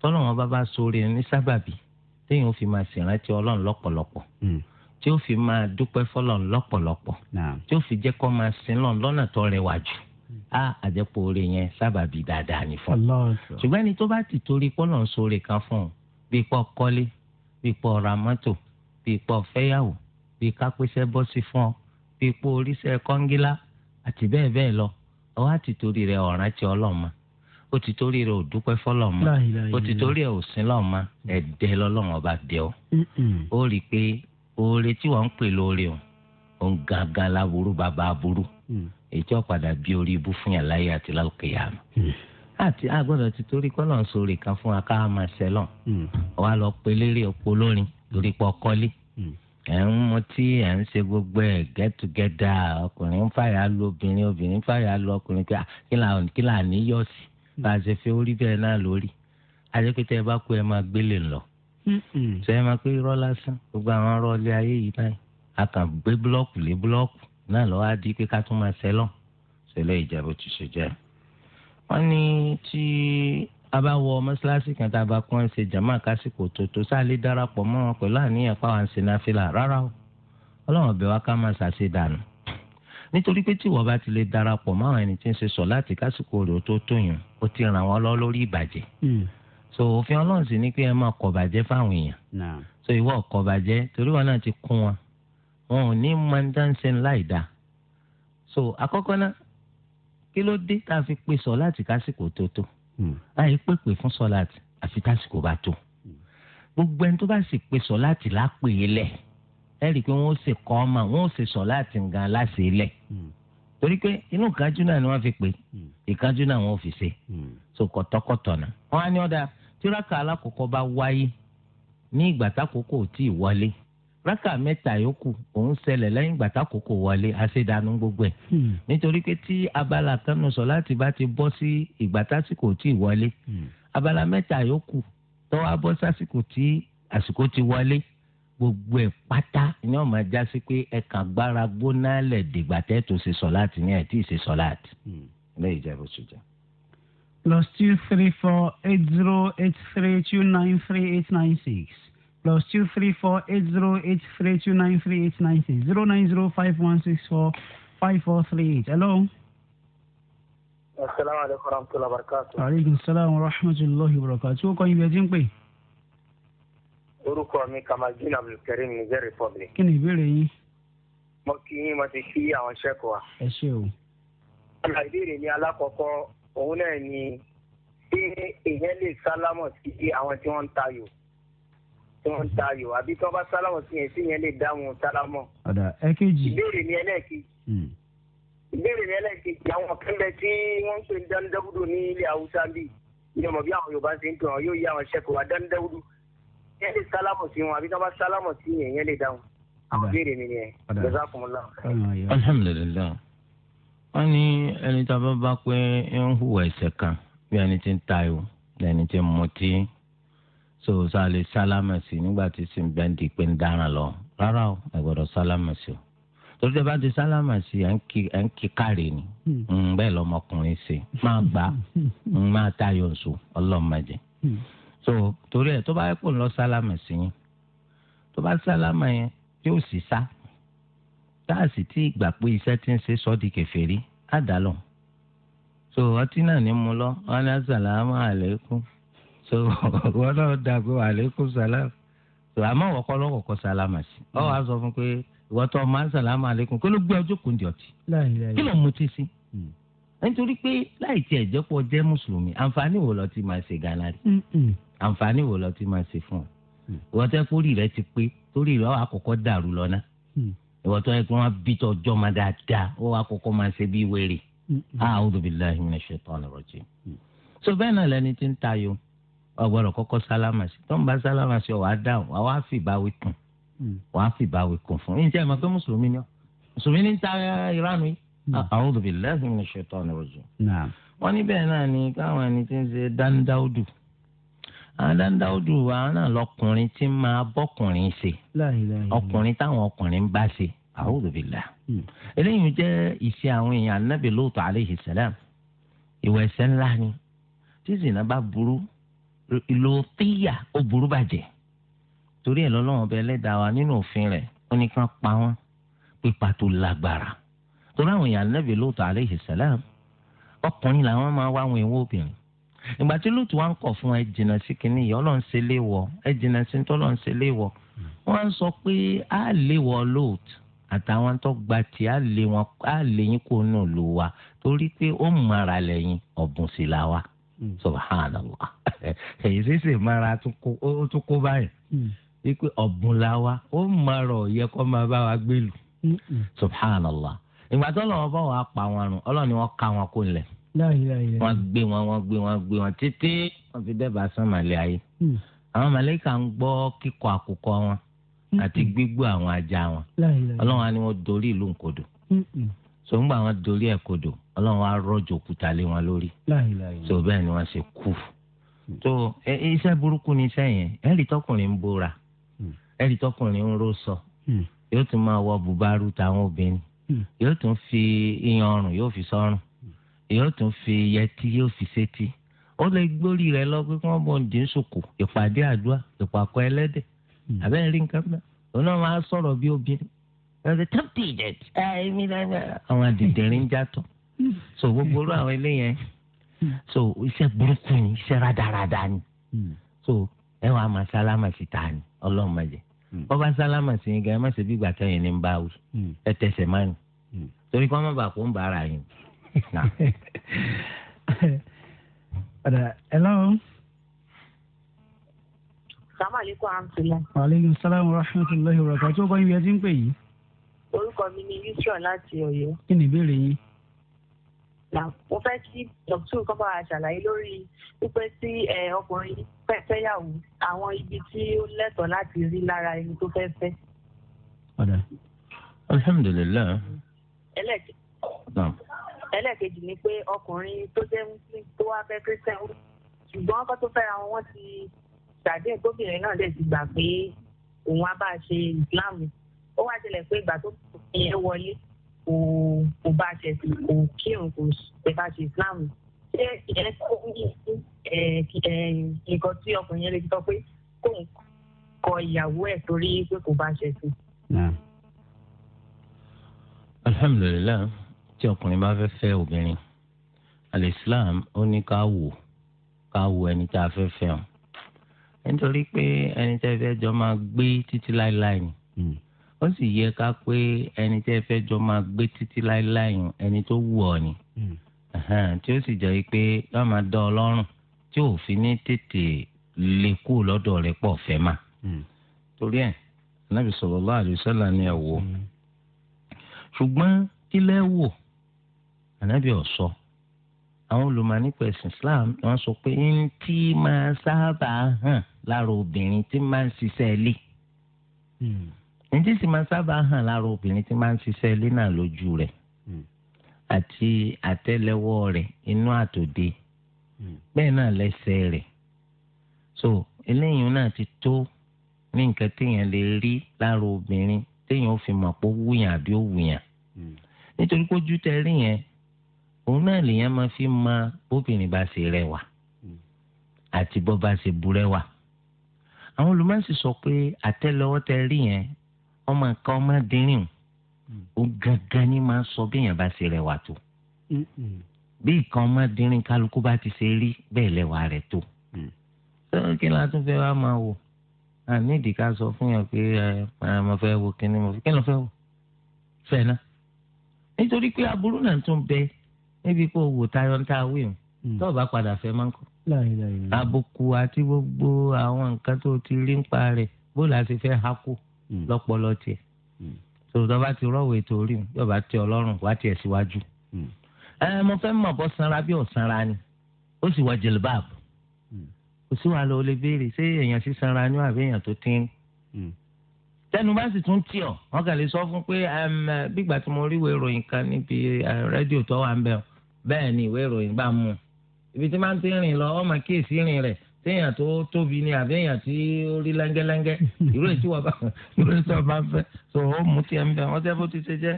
tọ́lọ́run bá bá ṣoore ní sábàbí téèyàn ó fi máa ṣèrántí ọlọ́run lọ́pọ̀lọpọ̀ tí ó fi máa dúpẹ́ fọlọ́run lọ́pọ̀lọpọ̀ tí ó fi jẹ́ kó máa sin lọ́n lọ́nà tó rẹwà jù a ah, àjẹpọ̀ oore yẹn sábàbí dáadáa ní fún un ṣùgbọ́n ẹni tó bá ti torí pọ́lọ̀ ń kan fún un bí pọ́ kọ́lé bí pọ́ ra mọ́tò bíi pọ̀ fẹ́yàwó bíi kápẹ́sẹ́ bọ́ sí fún ọ bíi pọ̀ oríṣẹ́ kọ́ńgílá àti bẹ́ẹ̀ bẹ́ẹ̀ lọ ọwọ́ àti torí rẹ̀ ọ̀ràn ti ọlọ́ọ̀ma ó ti torí rẹ̀ ò dúpẹ́ fọlọ́ọ̀ma ó ti torí rẹ̀ ò sin lọ́ọ̀ma ẹ̀dẹ́ lọ́lọ́run ọba dẹ ọ́ ó rí i pé oore tí wọ́n ń pè lóore o ò ń gangan láburú bàbá aburú mm. èyí tí bí orí ibú fún yàrá yìí àti lálùkìyàmù mm. àti a gbọ́dọ̀ ti torí kọ́lọ̀ ń sọ̀rọ̀ kan fún wa ká máa ṣẹlọ̀ mm. lọ pe lérè ọ̀pọ̀ lórin lórí pọkọ́lé hmm. ẹ̀ ń mutí ẹ̀ ń ṣe gbogbo ẹ̀ get together ọkùnrin fàyà lu obìnrin obìnrin fàyà lu ọkùnrin ah, kí là ní yọ̀ sí hmm. bá a ṣe fẹ́ orí bẹ́ẹ̀ náà lórí àdékùtẹ́ ẹ bá kú ẹ máa gbélé lọ. sọ hmm. ẹ máa pé irọ́ lásán gbogbo àwọn ọ̀rọ̀ ilé ayé yìí báyìí a kàn gbé búlọ́ọ̀kù lé búlọ́ọ̀kù náà lọ́wọ́ á di pé ká tún máa ṣẹlọ̀ ṣẹlẹ̀ ìjàbọ̀ ti ṣe jẹ́. wọ́n ní tí a bá wọ mọ́ṣáláṣí kan tá a bá kọ́ ń ṣe jàmá kásìkò tó tó sáálé darapọ̀ mọ́ wọn pẹ̀lú àníyàn pa àwọn sinafilà rárá o ọlọ́run bẹ̀ wá ká máa ṣàṣe dànù nítorí pé tí bá ti lè darapọ̀ mọ́ àwọn ẹni tí ń ṣe sọ láti kásìkò rẹ̀ tó tó yàn ó ti ràn wọ́n lọ lórí ìbàjẹ́ hmm. so òfin ọlọ́run sì ní pé ẹ máa kọ̀ bàjẹ́ fáwọn èèyàn so ìwọ ọkọ̀ bàjẹ́ torí wọn náà ti kún wọn wọn ò ní máa ń so àkọ́kọ́ náà kí ló dé tá àyè hmm. pèpè fún sọláàtì àfi tásìkò bá tó hmm. gbogbo ẹni tó bá sì pe sọláàtì lápè é lẹ̀ ẹ rí i pé wọ́n ó ṣe kọ́ ọ́mà wọ́n ó ṣe sọláàtì nǹkan aláṣẹ lẹ̀ hmm. torí pé inú ìkájú náà ni wọ́n fi pè ìkájú náà wọ́n fi ṣe so kọ̀tọ́kọ̀tọ̀ náà wọ́n á ní ọ̀dà tíraka alákọ̀ọ́kọ́ bá wáyé ní ìgbà tákòókò tí ì wọlé rákà mẹ́ta yòókù òun ṣẹlẹ̀ lẹ́yìn gbàtà kòkò wọlé àṣedànù gbogbo ẹ̀ hmm. nítorí pé tí abala kanu sọ láti bá ti bọ́ sí ìgbàtàsíkò tí ì wọlé hmm. abala mẹ́ta yòókù tọ́wọ́ abọ́ sásìkò tí àsìkò ti wọlé gbogbo ẹ̀ pátá ni wọ́n máa jásí pé ẹ̀ka gbára gbóná lẹ̀ dìgbà tẹ́ ṣe sọ láti ní ẹ̀ tí ì ṣe sọ láti hmm. lẹ́yìn ìjẹ́bù ṣùjà. plus two three four eight zero eight three two nine three eight nine six plus two three four eight zero eight three two nine three eight nine six zero nine zero five one six four five four three eight. hello. asalaamualeykum warahmatulahi wabarakatuh. aleykum salaam wa rahmatulahi wa barakatuh. o kò yin bí ẹ ti ń pè. orúkọ mi kamaldeen abdulkareem niger republic. kí ni ìbéèrè yín. mo kí yín mo ti kí àwọn sẹ́kù wa. ẹ ṣe o. ọ̀nà ìbéèrè mi alákọ̀ọ́kọ́ òun náà ni ṣé èèyàn lè sálámọ̀ sí àwọn tí wọ́n ń tayò tí wọ́n ń tayò àbí tí wọ́n bá sálámọ̀ sí yẹn sí yẹn lè dáhùn sálámọ̀. ọ̀dà ẹ̀kejì. ìbéèrè ni ẹlẹ́ẹ̀kejì. Hmm. ìbéèrè ni ẹlẹ́ẹ̀kejì àwọn kẹ́mbẹ́ tí wọ́n ń pè ní dánidáwúdù ní ilẹ̀ haúsá bíi ní ọmọ bí àwọn yorùbá ṣe ń pè wọn yóò yí àwọn ṣẹ́kọ̀ọ́ wa dánidáwúdù yẹn lè sálámọ̀ sí wọn àbí tí wọ́n bá sálámọ̀ sí yẹn yẹn lè dáhùn. àwọn ìbéèrè mi nìyẹn jazakumullah. alhamdulilayi wọn ní ẹni tí a bá bá pé ń hùwà ẹ̀ṣẹ̀ kan so sáà lè sálámà sí nígbà tí sì ń bẹ́ǹdì pé ń dáràn lọ rárá o ẹ gbọ́dọ̀ sálámà sí o torí tẹ bá ti sálámà sí ẹ ń kí káre ni hmm. Hmm, bẹ́ẹ̀ lọmọkùnrin ṣe máa gbá hmm. máa tayọ̀ nsọ ọlọ́mọdé so torí ẹ tó bá yẹ kó ń lọ sálámà sí yín tó bá sálámà yẹn yóò sì sá tá a sì ti gbà pé iṣẹ́ ti ń ṣe sọ́ọ́dì kèfèrí á dá lọ so ọtí náà ní mu lọ wọn ní asàlámù àlékún so wọn náà dà pé aleykum salam so àmọ́ wọ́n kọ́ lọ́kọ̀ọ́kọ́ sálámà sí ọ mm. wàá sọ fún pé ìwọ́n tó ọmọ sálámà aleykum kí ló gbé ọjọ́ kùn di ọtí kí ló mutí sí mm. nítorí pé láì tiẹ̀ jẹ́ pọ̀ jẹ́ mùsùlùmí àǹfààní wo lọ ti máa ṣe gánà rí àǹfààní wo lọ ti máa ṣe fún ọ mm. ìwọ́n tẹ́ kórì rẹ ti pé torí rẹ wàá kọ́kọ́ dàrú lọ́nà ìwọ́n tó yẹ kí wọ́n bí tọjọ́ máa dáadáa ó wàá kọ́kọ́ máa ṣe bí wèrè a'udhu billahi minash shaitani rajim so bẹ́ẹ̀ náà lẹni tí ń tayọ ọgbọ́dọ̀ kọ́kọ́ sálámà sí tó ń bá sálámà sí ọ wàá dáhùn wàá wàá fìbáwí kùn hmm. wàá fìbáwí kùn fún yín jẹ́ ẹ̀ mọ̀ pé mùsùlùmí ni ọ mùsùlùmí ní ta ìranu yìí hmm. a'udhu billahi minash shaitani rajim. wọ́n ní bẹ́ẹ̀ náà ni káwọn ẹni tí ń ṣe dáńdáódù àwọn dáńdáódù àwọn náà lọkùnrin tí máa bọ́kùnrin ṣe ọkùnrin táwọn ọkùnrin ń bá ṣe a'udhu billahi. Hmm. eléyìí jẹ́ àwọn èèyàn anábì alayhi salam ìwẹ̀sẹ̀ ńlá ni tí zina bá burú lòtíyà ó burú bàjẹ́ torí ẹ̀ lọ́lọ́run ọba ẹlẹ́dàá wa nínú òfin rẹ̀ ó ní kán pa wọ́n pípa tó lágbára torí àwọn èèyàn Ànábì Lóòtù alayhi salam ọkùnrin làwọn máa wá àwọn èèwọ̀ obìnrin ìgbà tí Lóòtù wa ń kọ̀ fún ẹ jìnnà sí kínní yìí ọlọ́run ṣe léèwọ̀ ẹ jìnnà sí ní tọ́lọ́run ṣe léèwọ̀ wọ́n sọ pé á léèwọ̀ Lóòtù àtàwọn tó gba tí á lé yín kó nù lù wa torí pé ó mara lẹ́yìn ọ̀bùn sí la wa subhanallah èyí sì sì mara ó tún kó báyìí hmm. wípé ọ̀bùn la wa ó mara ọ̀yẹ kó máa bá wa gbèlú hmm, hmm. subhanallah ìgbà tó lọ́wọ́ bá wàá pa wọn rùn ọlọ́run ni wọ́n ká wọn kó lẹ̀ wọ́n gbé wọn wọ́n gbé wọn gbé wọn títí wọ́n fi dẹ́ba sán màlẹ́ ayé àwọn màlẹ́kà ń gbọ́ kíkọ àkùkọ wọn àti gbígbó àwọn ajá wọn ọlọ́run á ní wọ́n dorí ìlú nkodo sọ̀ngbà wọn dorí ẹ̀ kodò ọlọ́run á rọ̀jò òkúta lé wọn lórí tó bẹ́ẹ̀ ni wọ́n ṣe kú. tó hmm. iṣẹ́ burúkú ni iṣẹ́ yẹn ẹ̀rì tọkùnrin ń bóra hmm. ẹ̀rì tọkùnrin ń ró sọ hmm. yóò tún máa wọ bùbárù táwọn obìnrin yóò tún fi iyan ọrùn yóò fi sọrùn yóò tún fi yẹtí yóò fi sétí ó lè gbórí rẹ lọ pé kí wọ́n bọ̀ ń dín sòkò ìpàdé àdúrà ìpàkọ́ ẹlẹ́dẹ̀ àbẹ́rẹ́ rí nǹkan mẹ́ òun náà máa sọ̀rọ̀ bí obìnrin ẹsẹ tẹ́pítì ìjẹ̀tì ẹ̀mí lẹ́yìn àwọn àdìdẹ̀rẹ̀ ń jàtọ̀ so gbogbo olú àwọn eléyẹn so iṣẹ́ burúkú ni iṣẹ́ rádaràda ni so ẹ wàá máa sálámà sí ta ni ọlọ́run máa jẹ wọ́n bá sálámà sí yín gan ẹ má ṣe bí ìgbà tẹ́yìn ní ń bá wí ẹ tẹsẹ̀ má ni torí kí wọ́n má bàa kó ń bá ara yín. hello. salaamaleykum wa rahmatulahi wa barakatuh. tó kọ́ ibi ẹ ti ń pè yìí orúkọ mi ni yusuf láti Ọ̀yọ́. kí ni ìbéèrè yín. na mo fẹ́ kí dr kọ́ba ṣàlàyé lórí pípẹ́ tí ọkùnrin fẹ́yàwó àwọn ibi tí ó lẹ́tọ̀ọ́ láti rí lára ẹni tó fẹ́ fẹ́. ọ̀dà alhamdulilayi. ẹlẹ́kẹ̀. ẹlẹ́kejì ni pé ọkùnrin tó jẹ́ muslim tó wá fẹ́ christian ṣùgbọ́n ọkọ tó fẹ́ra wọn wọ́n ti ṣàdéhùn tóbìnrin náà dẹ̀ ti gbà pé òun á bá ṣe islam ó wá ṣẹlẹ̀ pé ìgbà tó kù yẹn wọlé kò kò bá ṣe kò kírun kò ṣe bá ṣe islam ṣé ìyẹn kò ní nǹkan tí ọkùnrin yẹn lè sọ pé kóun kọ ìyàwó ẹ̀ torí pé kò bá ṣe sí. alhamdulilayi tí ọkùnrin bá fẹ́ fẹ́ obìnrin alislam ó ní ká wò ká wo ẹni tá a fẹ́ fẹ́ hàn nítorí pé ẹni tẹ́ fẹ́ jọ máa gbé títí láéláé ni hmm ó sì yẹ ká pé ẹni tẹ́ fẹ́ jọ máa gbé títí láéláé yùn ẹni tó wù ọ́ ni hmm. tí ó sì jẹ́ pé yóò máa dán ọ lọ́rùn tí ò fi ní tètè lè kú lọ́dọ̀ rẹ pọ̀ fẹ́ mà. Hmm. torí ẹ̀ anábì sallallahu alaihi wasallam ni ẹ̀ wò hmm. ṣùgbọ́n ilé wò anábì ọ̀sọ́ àwọn olùmọ̀ọ́nì Islam wọ́n sọ pé ń tí máa sábà hàn lára obìnrin tí máa ń ṣiṣẹ́ ilé ǹjẹ́ sì máa sábà hàn lára obìnrin tí máa ń ṣiṣẹ́ ilé náà lójú rẹ̀ hmm. àti àtẹ́lẹwọ́ rẹ̀ inú àtòdè hmm. bẹ́ẹ̀ náà lẹ́sẹ̀ rẹ̀ so eléyìí náà ti tó ní nǹkan téèyàn lè rí lára obìnrin téèyàn ò fi mọ̀ pé ó wùyàn àbí ó wùyàn hmm. nítorí pé ojú tẹ rí yẹn òun náà lèèyàn máa fi mọ bóbìnrin bá ṣe rẹwà àti bó bá ṣe burẹ́wà àwọn olùmọ̀ọ́sì sọ pé àtẹ́lẹwọ́ tẹ rí yẹn ọmọ nǹkan ọmọdéyìn mm. ó gángan ní máa sọ bí èèyàn bá ṣe rẹwà tó bí nǹkan ọmọdéyìn kálukú bá ti ṣe rí bẹ́ẹ̀ lẹ́wà rẹ̀ tó sọ́dọ̀ mm. kí la tún fẹ́ wá máa wò àní ìdìka sọ fún yàn pé ẹ mo fẹ́ wo kíní mo fẹ́ kí ló fẹ́ wò fẹ́ náà nítorí pé aburú náà tún bẹ níbi kó wò tayọ̀ ń ta awé mm. tó o bá padà fẹ́ máa ń kọ́ àbùkù àti gbogbo àwọn nǹkan tó ti rí ń pa rẹ̀ bó la ṣe fẹ́ hako. Mm. lọpọlọ tiẹ̀ mm. tòótọ́ bá ti rọ́wọ́ ètò orí mu yóò bá tẹ ọlọ́run wá tiẹ̀ síwájú. Mm. ẹ mo fẹ́ mọ̀ bọ́ sanra bí ò sanra ni ó sì wọ jìlbáàbù kò sí wàhálà ó lè béèrè ṣé èèyàn sí sanra ni àbí èèyàn tó tín tẹnu bá sì tún tì ọ wọn kàn lè sọ fún pé bígbà tí mo rí ìwé ìròyìn kan níbi rédíò tó wà ń bẹ bẹ́ẹ̀ ni ìwé ìròyìn bá mú ibi tí máa ń ti rìn lọ ọmọ kíyèsí rìn rẹ̀ téèyàn tó tóbi ni àbẹ́yàn tí ó rí lẹ́ngẹ́lẹ́ngẹ́ ìró ètí wà bá ìró ètí wà bá ń fẹ́ tó o mú tiẹ̀ ń bẹ̀ wọ́n tẹ́ bó ti ṣe jẹ́.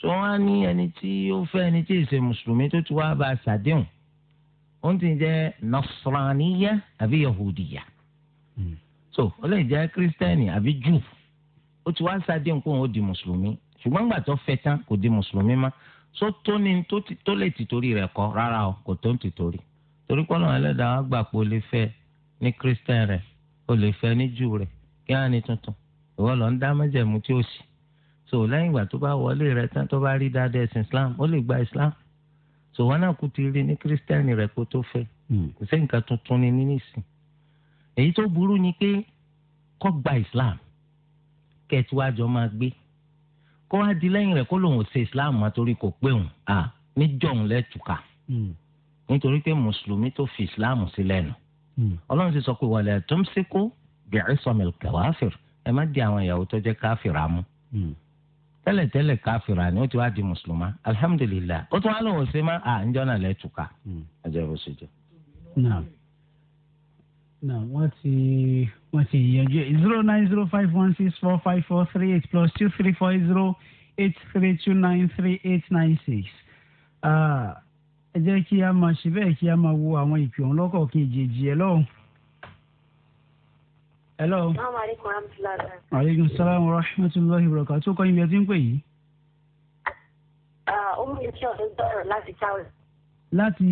tó wọ́n ní ẹni tí ó fẹ́ ẹni tí ìṣe mùsùlùmí tó ti wá bá a ṣàdéhùn ó ti jẹ́ nasraniya àbí yahudiya. Hmm. so ó lè jẹ́ kírísítẹ́nì àbí jù ó ti wá ṣàdéhùn kó o di mùsùlùmí ṣùgbọ́n gbà tó fẹ́ tán kò di mùsùlùmí so tó ni tó lè tìtorí rẹ̀ kọ́ rárá torí kọ́nà ẹlẹ́dàá á gbà pé o lè fẹ́ ní kírísítẹ́n rẹ̀ o lè fẹ́ ní jù rẹ̀ kí á ní tuntun ìwọ lọ ń dá mẹ́jẹ̀mú tí ó sì so lẹ́yìn ìgbà tó bá wọlé rẹ̀ tán tó bá rí dáadáa ẹ̀sìn Islam ó lè gba Islam so wọn náà kú ti rí ní kírísítẹ́nì rẹ̀ kó tó fẹ́ hmm. kò sí nǹkan tuntun ni nínú ìsìn èyí tó burú ni pé kó gba Islam kẹtíwájọ máa gbé kó wá di lẹ́yìn rẹ̀ kó lòun ò ṣe Islam mọ́ torí kò pé òun níjọ́ òun lẹ́tùkà. Hmm nítorí pé mùsùlùmí tó fi islam sílẹ̀ nù hmm. ọlọ́run ti sọ pé wàlẹ̀ tó ń sekú bẹ̀rẹ̀ sọmìlì kẹwàáfìr ẹ má di àwọn ìyàwó tó jẹ́ káfìrà mú hmm. tẹ́lẹ̀tẹ́lẹ̀ káfìrà ni ó ti wá di mùsùlùmá alihamudulilayi ó tún wá lọ́wọ́ sí ma à ń jọ́nà lẹ́tùkà hmm. ẹjọ́ bó ṣe jẹ́. náà wọ́n ti wọ́n ti yẹjú zero nine zero five one six four five four three eight plus two three four zero eight three two nine three eight nine six. Ah, ẹ jẹ́ kí a máa ṣe bẹ́ẹ̀ kí a máa wo àwọn ìpè ọ̀hún lọ́kọ̀ọ̀kan ìjèjì ẹ lọ́hùn. hello. aleykum salaam wa rahmatulahi wa barakatuh tó kọ́ ibi ẹ ti ń pè yìí. ọmọ uh, mi ṣe ọdún tọrọ láti Saudi. láti.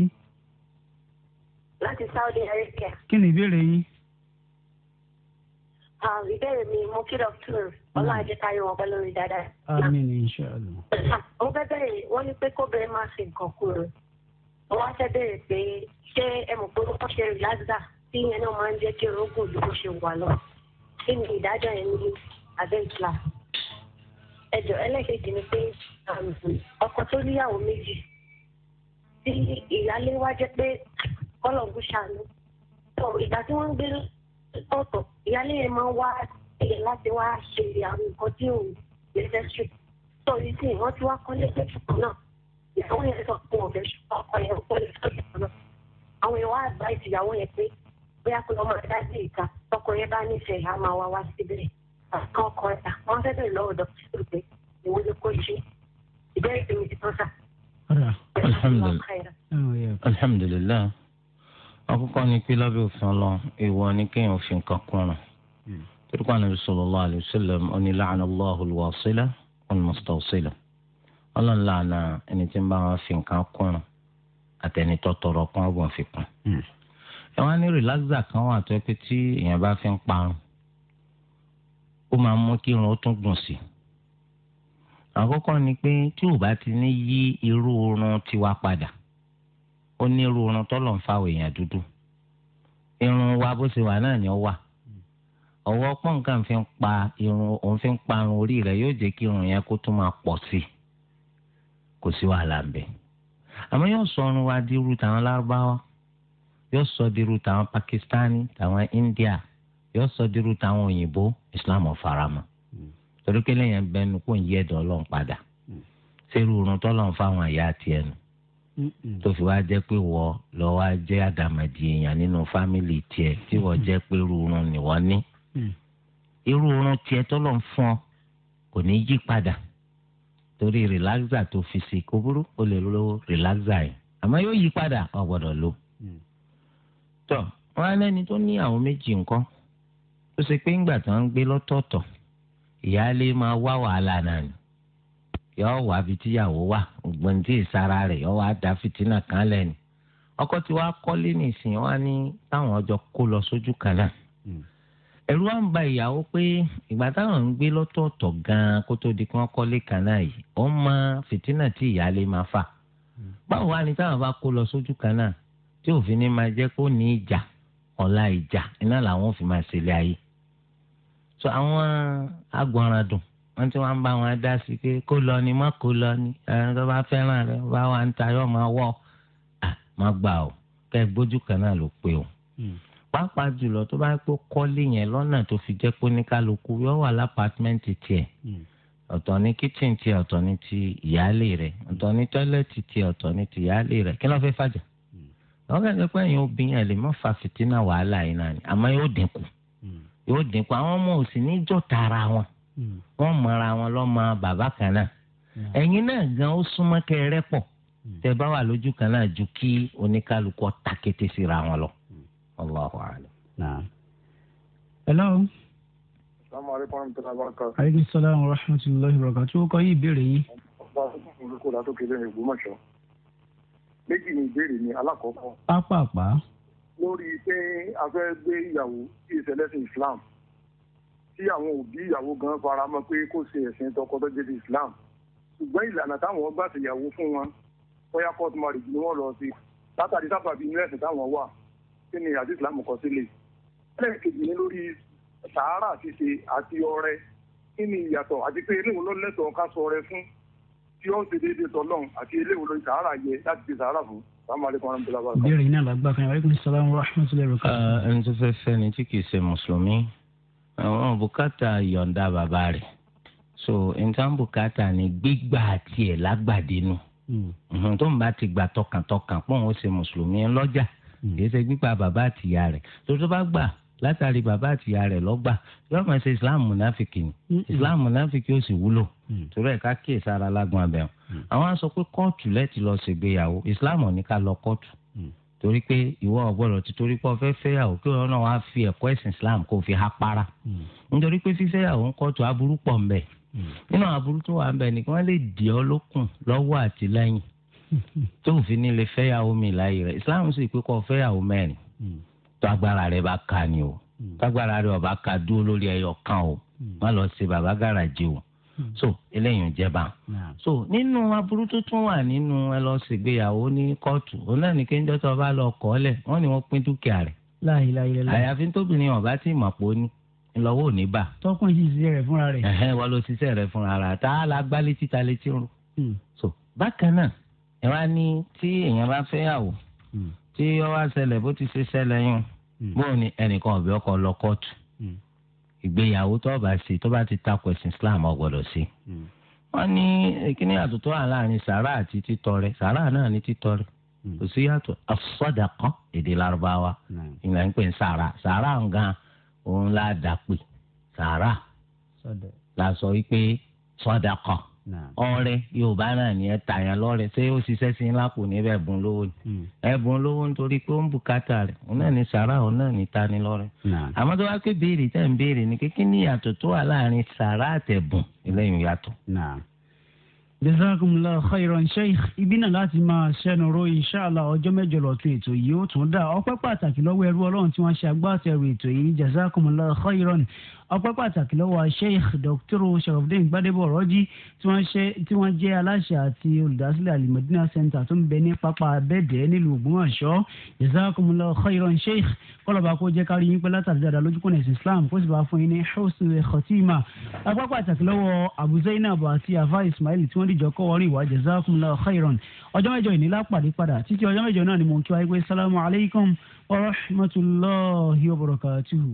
láti Saudi Arabia. kí ni ìbéèrè yín. Ah, ìbéèrè mi mo kí dọ́kítọ̀rù ọlọ́run ajẹ́káyé wọn pẹ́ lórí dáadáa. àmín inshallah. Ah, mo fẹ́ bẹ̀rẹ̀ wọ́n ní pé kóbìnrin máa fi nǹkan kúrò. wọ́n á fẹ́ bẹ̀rẹ̀ pé ṣé ẹ mọ̀ pé wọ́n ṣe rìláṣà tí ìyẹn náà máa ń jẹ́ kí orógùn ṣe wà lọ kí ni yẹn ní ni pé um, ọkọ tó níyàwó méjì tí ìyálé pé ṣàánú tó ìgbà tí wọ́n ń gbé ìyálé yẹn máa ń wá ẹ̀yẹ láti wá ṣe àwọn nǹkan tí òun lè fẹ́ ṣe tó yìí ìyàwó yẹn sọ fún ọ̀fẹ́ ṣùgbọ́n ọkọ yẹn kò lè sọ ìyàwó náà àwọn èèyàn wá àgbá ìtìyàwó yẹn pé bóyá pé ọmọ rẹ dájú ìta ọkọ yẹn bá nífẹ̀ẹ́ á máa wá wá síbẹ̀ kan ọkọ ẹ̀ta wọ́n fẹ́ bẹ̀rẹ̀ lọ́wọ́ dọ́kítà sọ̀rọ̀ pé ìwé kó iṣẹ́ ìbéèrè pé mi ti tọ́ sà. alhamdulilayi oh, àkọ́kọ́ ni pé lábẹ́ òfin Ọlọ́run èèwọ̀ ni kéèyàn fi nǹkan kúnra hmm. torí pé Ànábì sallallahu alaihi wasallam ó ní la'ana Allahu al ọlọ́run lànà ẹni tí ń bá wọn fi nǹkan kùn àtẹni tó tọrọ kún ọ̀gbọ̀n fi kún. Hmm. ẹ wá ní rìláxà kan wà tó pé tí èèyàn bá fi ń parun ó máa mú kí irun ó tún gùn sí àkọ́kọ́ ni pé tí ò bá ti ní yí irú oorun tiwa padà ó ní irú oorun tọ́lọ̀ ń fáwọn èèyàn dúdú irun wa bó ṣe wà náà ni ó wà ọwọ́ pọ́ǹkà fi ń pa irun òun fi ń parun orí rẹ̀ yóò jẹ́ kí irun yẹn kó tún máa pọ̀ sí i kò sí wàhálà ń bẹ àmọ́ yóò sọ ọrùn wa di irú tàwọn lárúbáwá yóò sọ di irú tàwọn pakistani tàwọn india yóò sọ di irú tàwọn òyìnbó islam ọ̀farama hmm. torí pé lẹ́yìn abẹnú kò ń yí ẹ̀dọ̀ ọlọ́run padà sẹ́rù hmm. òrùn tọ́lọ́run fáwọn àyà tiẹ̀ nù hmm. tó fi wá jẹ́ pé wọ́ lọ́ wá jẹ́ àdàmàdì èèyàn nínú fámìlì tiẹ̀ tí wọ́n jẹ́ pé irú òrùn nìwọ́n ní irú òrùn tiẹ̀ tọ́lọ́run fún ọ kò ní yí padà torí relaxer tó fi sí kó burú ó lè lo rìláxà yìí àmọ́ yóò yí padà ó gbọ́dọ̀ lò. Hmm. tọ́ wọn á lẹ́ni tó ní àwọn méjì nǹkan tó ṣe pé ńgbà tó ń gbé lọ́tọ̀ọ̀tọ̀ ìyáálé máa wá wàhálà náà ni yọọ wá bí tíyàwó wà ògbọ́n tí ìsara rẹ̀ yọọ wá dá fìtínà kan lẹ́nu ọkọ tí wàá kọ́lé nìsín wá ní táwọn ọjọ́ kó lọ sójú kan náà ẹ̀rù wa ń ba ìyàwó pé ìgbà táwọn ń gbé lọ́tọ̀ọ̀tọ̀ gan-an kó tó di kí wọ́n kọ́lé kan náà yìí ó mọ fìtínà tí ìyáálé máa fà báwo wá ni táwọn bá kó lọ sójú kan tí òfin ni máa jẹ́ kó ní ìjà ọ̀la ìjà iná làwọn fi máa ṣe ayé so àwọn agbọ̀nràn dùn wọ́n ti wọ́n bá wọn dá sí pé kó lọ ni má kó lọ ni ẹni tó bá fẹ́ràn rẹ bá wà ń tayọ́ máa wọ̀ à má gbà ó kẹ́ gbójú kan ló pé o. Hmm. pàápàá jùlọ tó bá pé kọ́lé yẹn lọ́nà tó fi jẹ́ pé oníkálukú yóò wà lápàtmẹ́ǹtì tiẹ̀ hmm. ọ̀tọ̀ ní kíchìn tiẹ̀ ọ̀tọ̀ ní ti ìyáálé rẹ̀ hmm. ọ̀tọ̀ ní tọ́lẹ́tì tiẹ̀ ọ̀tọ̀ ní ti ìyáálé rẹ̀ kí ló fẹ́ fàjà. àwọn hmm. kẹ́kẹ́ pé ẹ̀yin obìnrin ẹ̀ lè má fa fìtínà wàhálà yìí náà ni àmọ́ yóò dínkù ara wọn Allahu a'lam. Naam. Hello. aleykum salaam wa rahmatulahi ọba la lórí pé a fẹ́ gbé ìyàwó Islam tí àwọn òbí ìyàwó gan fara mọ́ pé ṣe Islam ṣùgbọ́n ìlànà táwọn ṣèyàwó fún wọn bóyá court marriage ni wọ́n lọ sí látàrí sábàbí ẹ̀sìn táwọn wà kí ni àti islam kọ sílẹ̀ ẹlẹ́ẹ̀kejì ni lórí sàárà ṣíṣe àti ọrẹ kí ni ìyàtọ̀ àti pé eléwo ló lẹ́tọ̀ọ́ ká sọ ọrẹ fún tí ó ń ṣe déédéé tọlọ́run àti eléwo lórí sàárà yẹ láti ṣe sahara, fún béèrè iná làgbà kan yàrá ìkùnrin sàlámù rahmatulahi rẹ. ẹni tó fẹ́ fẹ́ ni tí kì í ṣe mùsùlùmí àwọn bùkátà yọ̀ǹda bàbá rẹ̀ so nǹkan bùkátà ni gbígbà tiẹ̀ lágbàdínú hmm. tó ń bá ti gbà tọkàntọkàn pọ̀ ń ṣe mùsùlùmí ńlọ́jà. Mm kìí ṣe gbígbà bàbá àtìyá rẹ̀ tó tó bá gbà látàrí bàbá àtìyá rẹ̀ lọ́gbà yóò máa ṣe islam munafiki ni islam munafiki ó sì wúlò mm. torí ẹ̀ ká kíyè sára lágùn abẹ́hùn mm. àwọn á sọ pé kóòtù lẹ́ẹ̀tì lọ ṣègbéyàwó islam ò ní ká lọ kóòtù mm. torí pé ìwọ ọgbọ́dọ̀ ti torí pé ọfẹ́ fẹ́yàwó kí ọ̀nà wa fi ẹ̀kọ́ ẹ̀sìn islam kó fi ha para nítorí pé fífẹ́yàwó ń kóòtù aburú pọ̀ ń bẹ nínú aburú tó wà ń bẹ nìkan lè dì ọ́ lókun lọ́wọ́ àtìlẹ́yìn tó ń fi ní lè fẹ́yàwó mi láàyè rẹ̀ islam sì pé kọ́ fẹ́yàwó mẹ́rin hmm. tó agbára rẹ̀ bá ka ni o hmm. tágbára rẹ̀ ọba ka dúró lórí ẹyọ kan o hmm. má lọ sí bàbá gàràjì o so eléyìí ń jẹba so nínú aburú tó tún wà nínú ẹ lọ ṣègbéyàwó ní kóòtù òun náà ní kéńjọ́ tó bá lọ kọ́ lẹ̀ wọ́n ní wọ́n pín dúkìá rẹ̀ àyàfi tóbìnrin ọba tí ì mọ̀ pé ó ní ìlọ́wọ́ ò ní bà. tọkùnrin yìí ṣiṣẹ́ rẹ̀ fúnra rẹ̀. ẹ̀hẹ́n wọ́n ló ṣiṣẹ́ rẹ̀ fúnra rẹ̀ tá a la gbá létí ta létí rún. so bákan náà ẹ ni ní tí èèyàn bá fẹ́ yàwó hmm. tí ó wá ṣẹlẹ̀ bó ti ṣe ṣẹlẹ̀ yẹn hmm. bóun ni ẹnìkan ọ̀bẹ ọkọ lọ kóòtù hmm. ìgbéyàwó tó bá ṣe tó bá ti takò ẹ̀sìn Islam ò gbọ́dọ̀ ṣe wọ́n ní kíní àtúntò wà láàrin sàrà àti títọrẹ sàrà náà ní títọrẹ kò sí yàtọ̀ as-sadaqa èdè Lárúbáwá ìgbà ń pè ń sàrà sàrà nǹkan òun là dàpè sàrà la sọ wípé sadaqa. ọrẹ yorùbá náà ni ẹ tà yẹn lọrẹ ṣé ó ṣiṣẹ́ sí ńlá kò ní bẹ́ẹ̀ bùn lówó ni hmm. ẹ lówó nítorí pé ó ń bùkátà rẹ̀ òun náà sàrà òun náà tani lọrẹ. àmọ́ tó wá pé béèrè tẹ̀ ń béèrè ni kékeré ìyàtọ̀ tó wà láàrin sàrà la khairan sheikh ibina náà láti máa ṣẹnu ro inshallah ọjọ́ mẹ́jọ lọ́tún ètò yìí ó tún dá ọpẹ́ pàtàkì lọ́wọ́ ẹrú ọlọ́run tí wọ́n ṣe agbátẹrù ètò yìí jazakumullahu khairan ọpẹ́ pàtàkì lọ́wọ́ sheikh dr sharafdin gbadebo ọ̀rọ́jì tí wọ́n jẹ́ aláṣẹ àti olùdásílẹ̀ alimọ̀dínà center tó ń bẹ ní pápá bẹ́ẹ̀dẹ́ nílùú ògbómọ̀ṣọ́ jazakumullahu khairan sheikh kọlọba kó jẹ́ kárí yín pé látàrí dáadáa lójú kọ́nà ẹ̀sìn islam kó sì bá fún yín ní husn khotima apá pàtàkì lọ́wọ́ abu zainab àti afa ismail tí wọ́n dìjọ kọ́ wọ́n rìn wá jazakumullahu khairan ọjọ́ mẹ́jọ ìnílá pàdé padà títí ọjọ́ mẹ́jọ náà ni mò ń kí wáyé pé salamu alaykum wa rahmatulahi wa barakatuhu.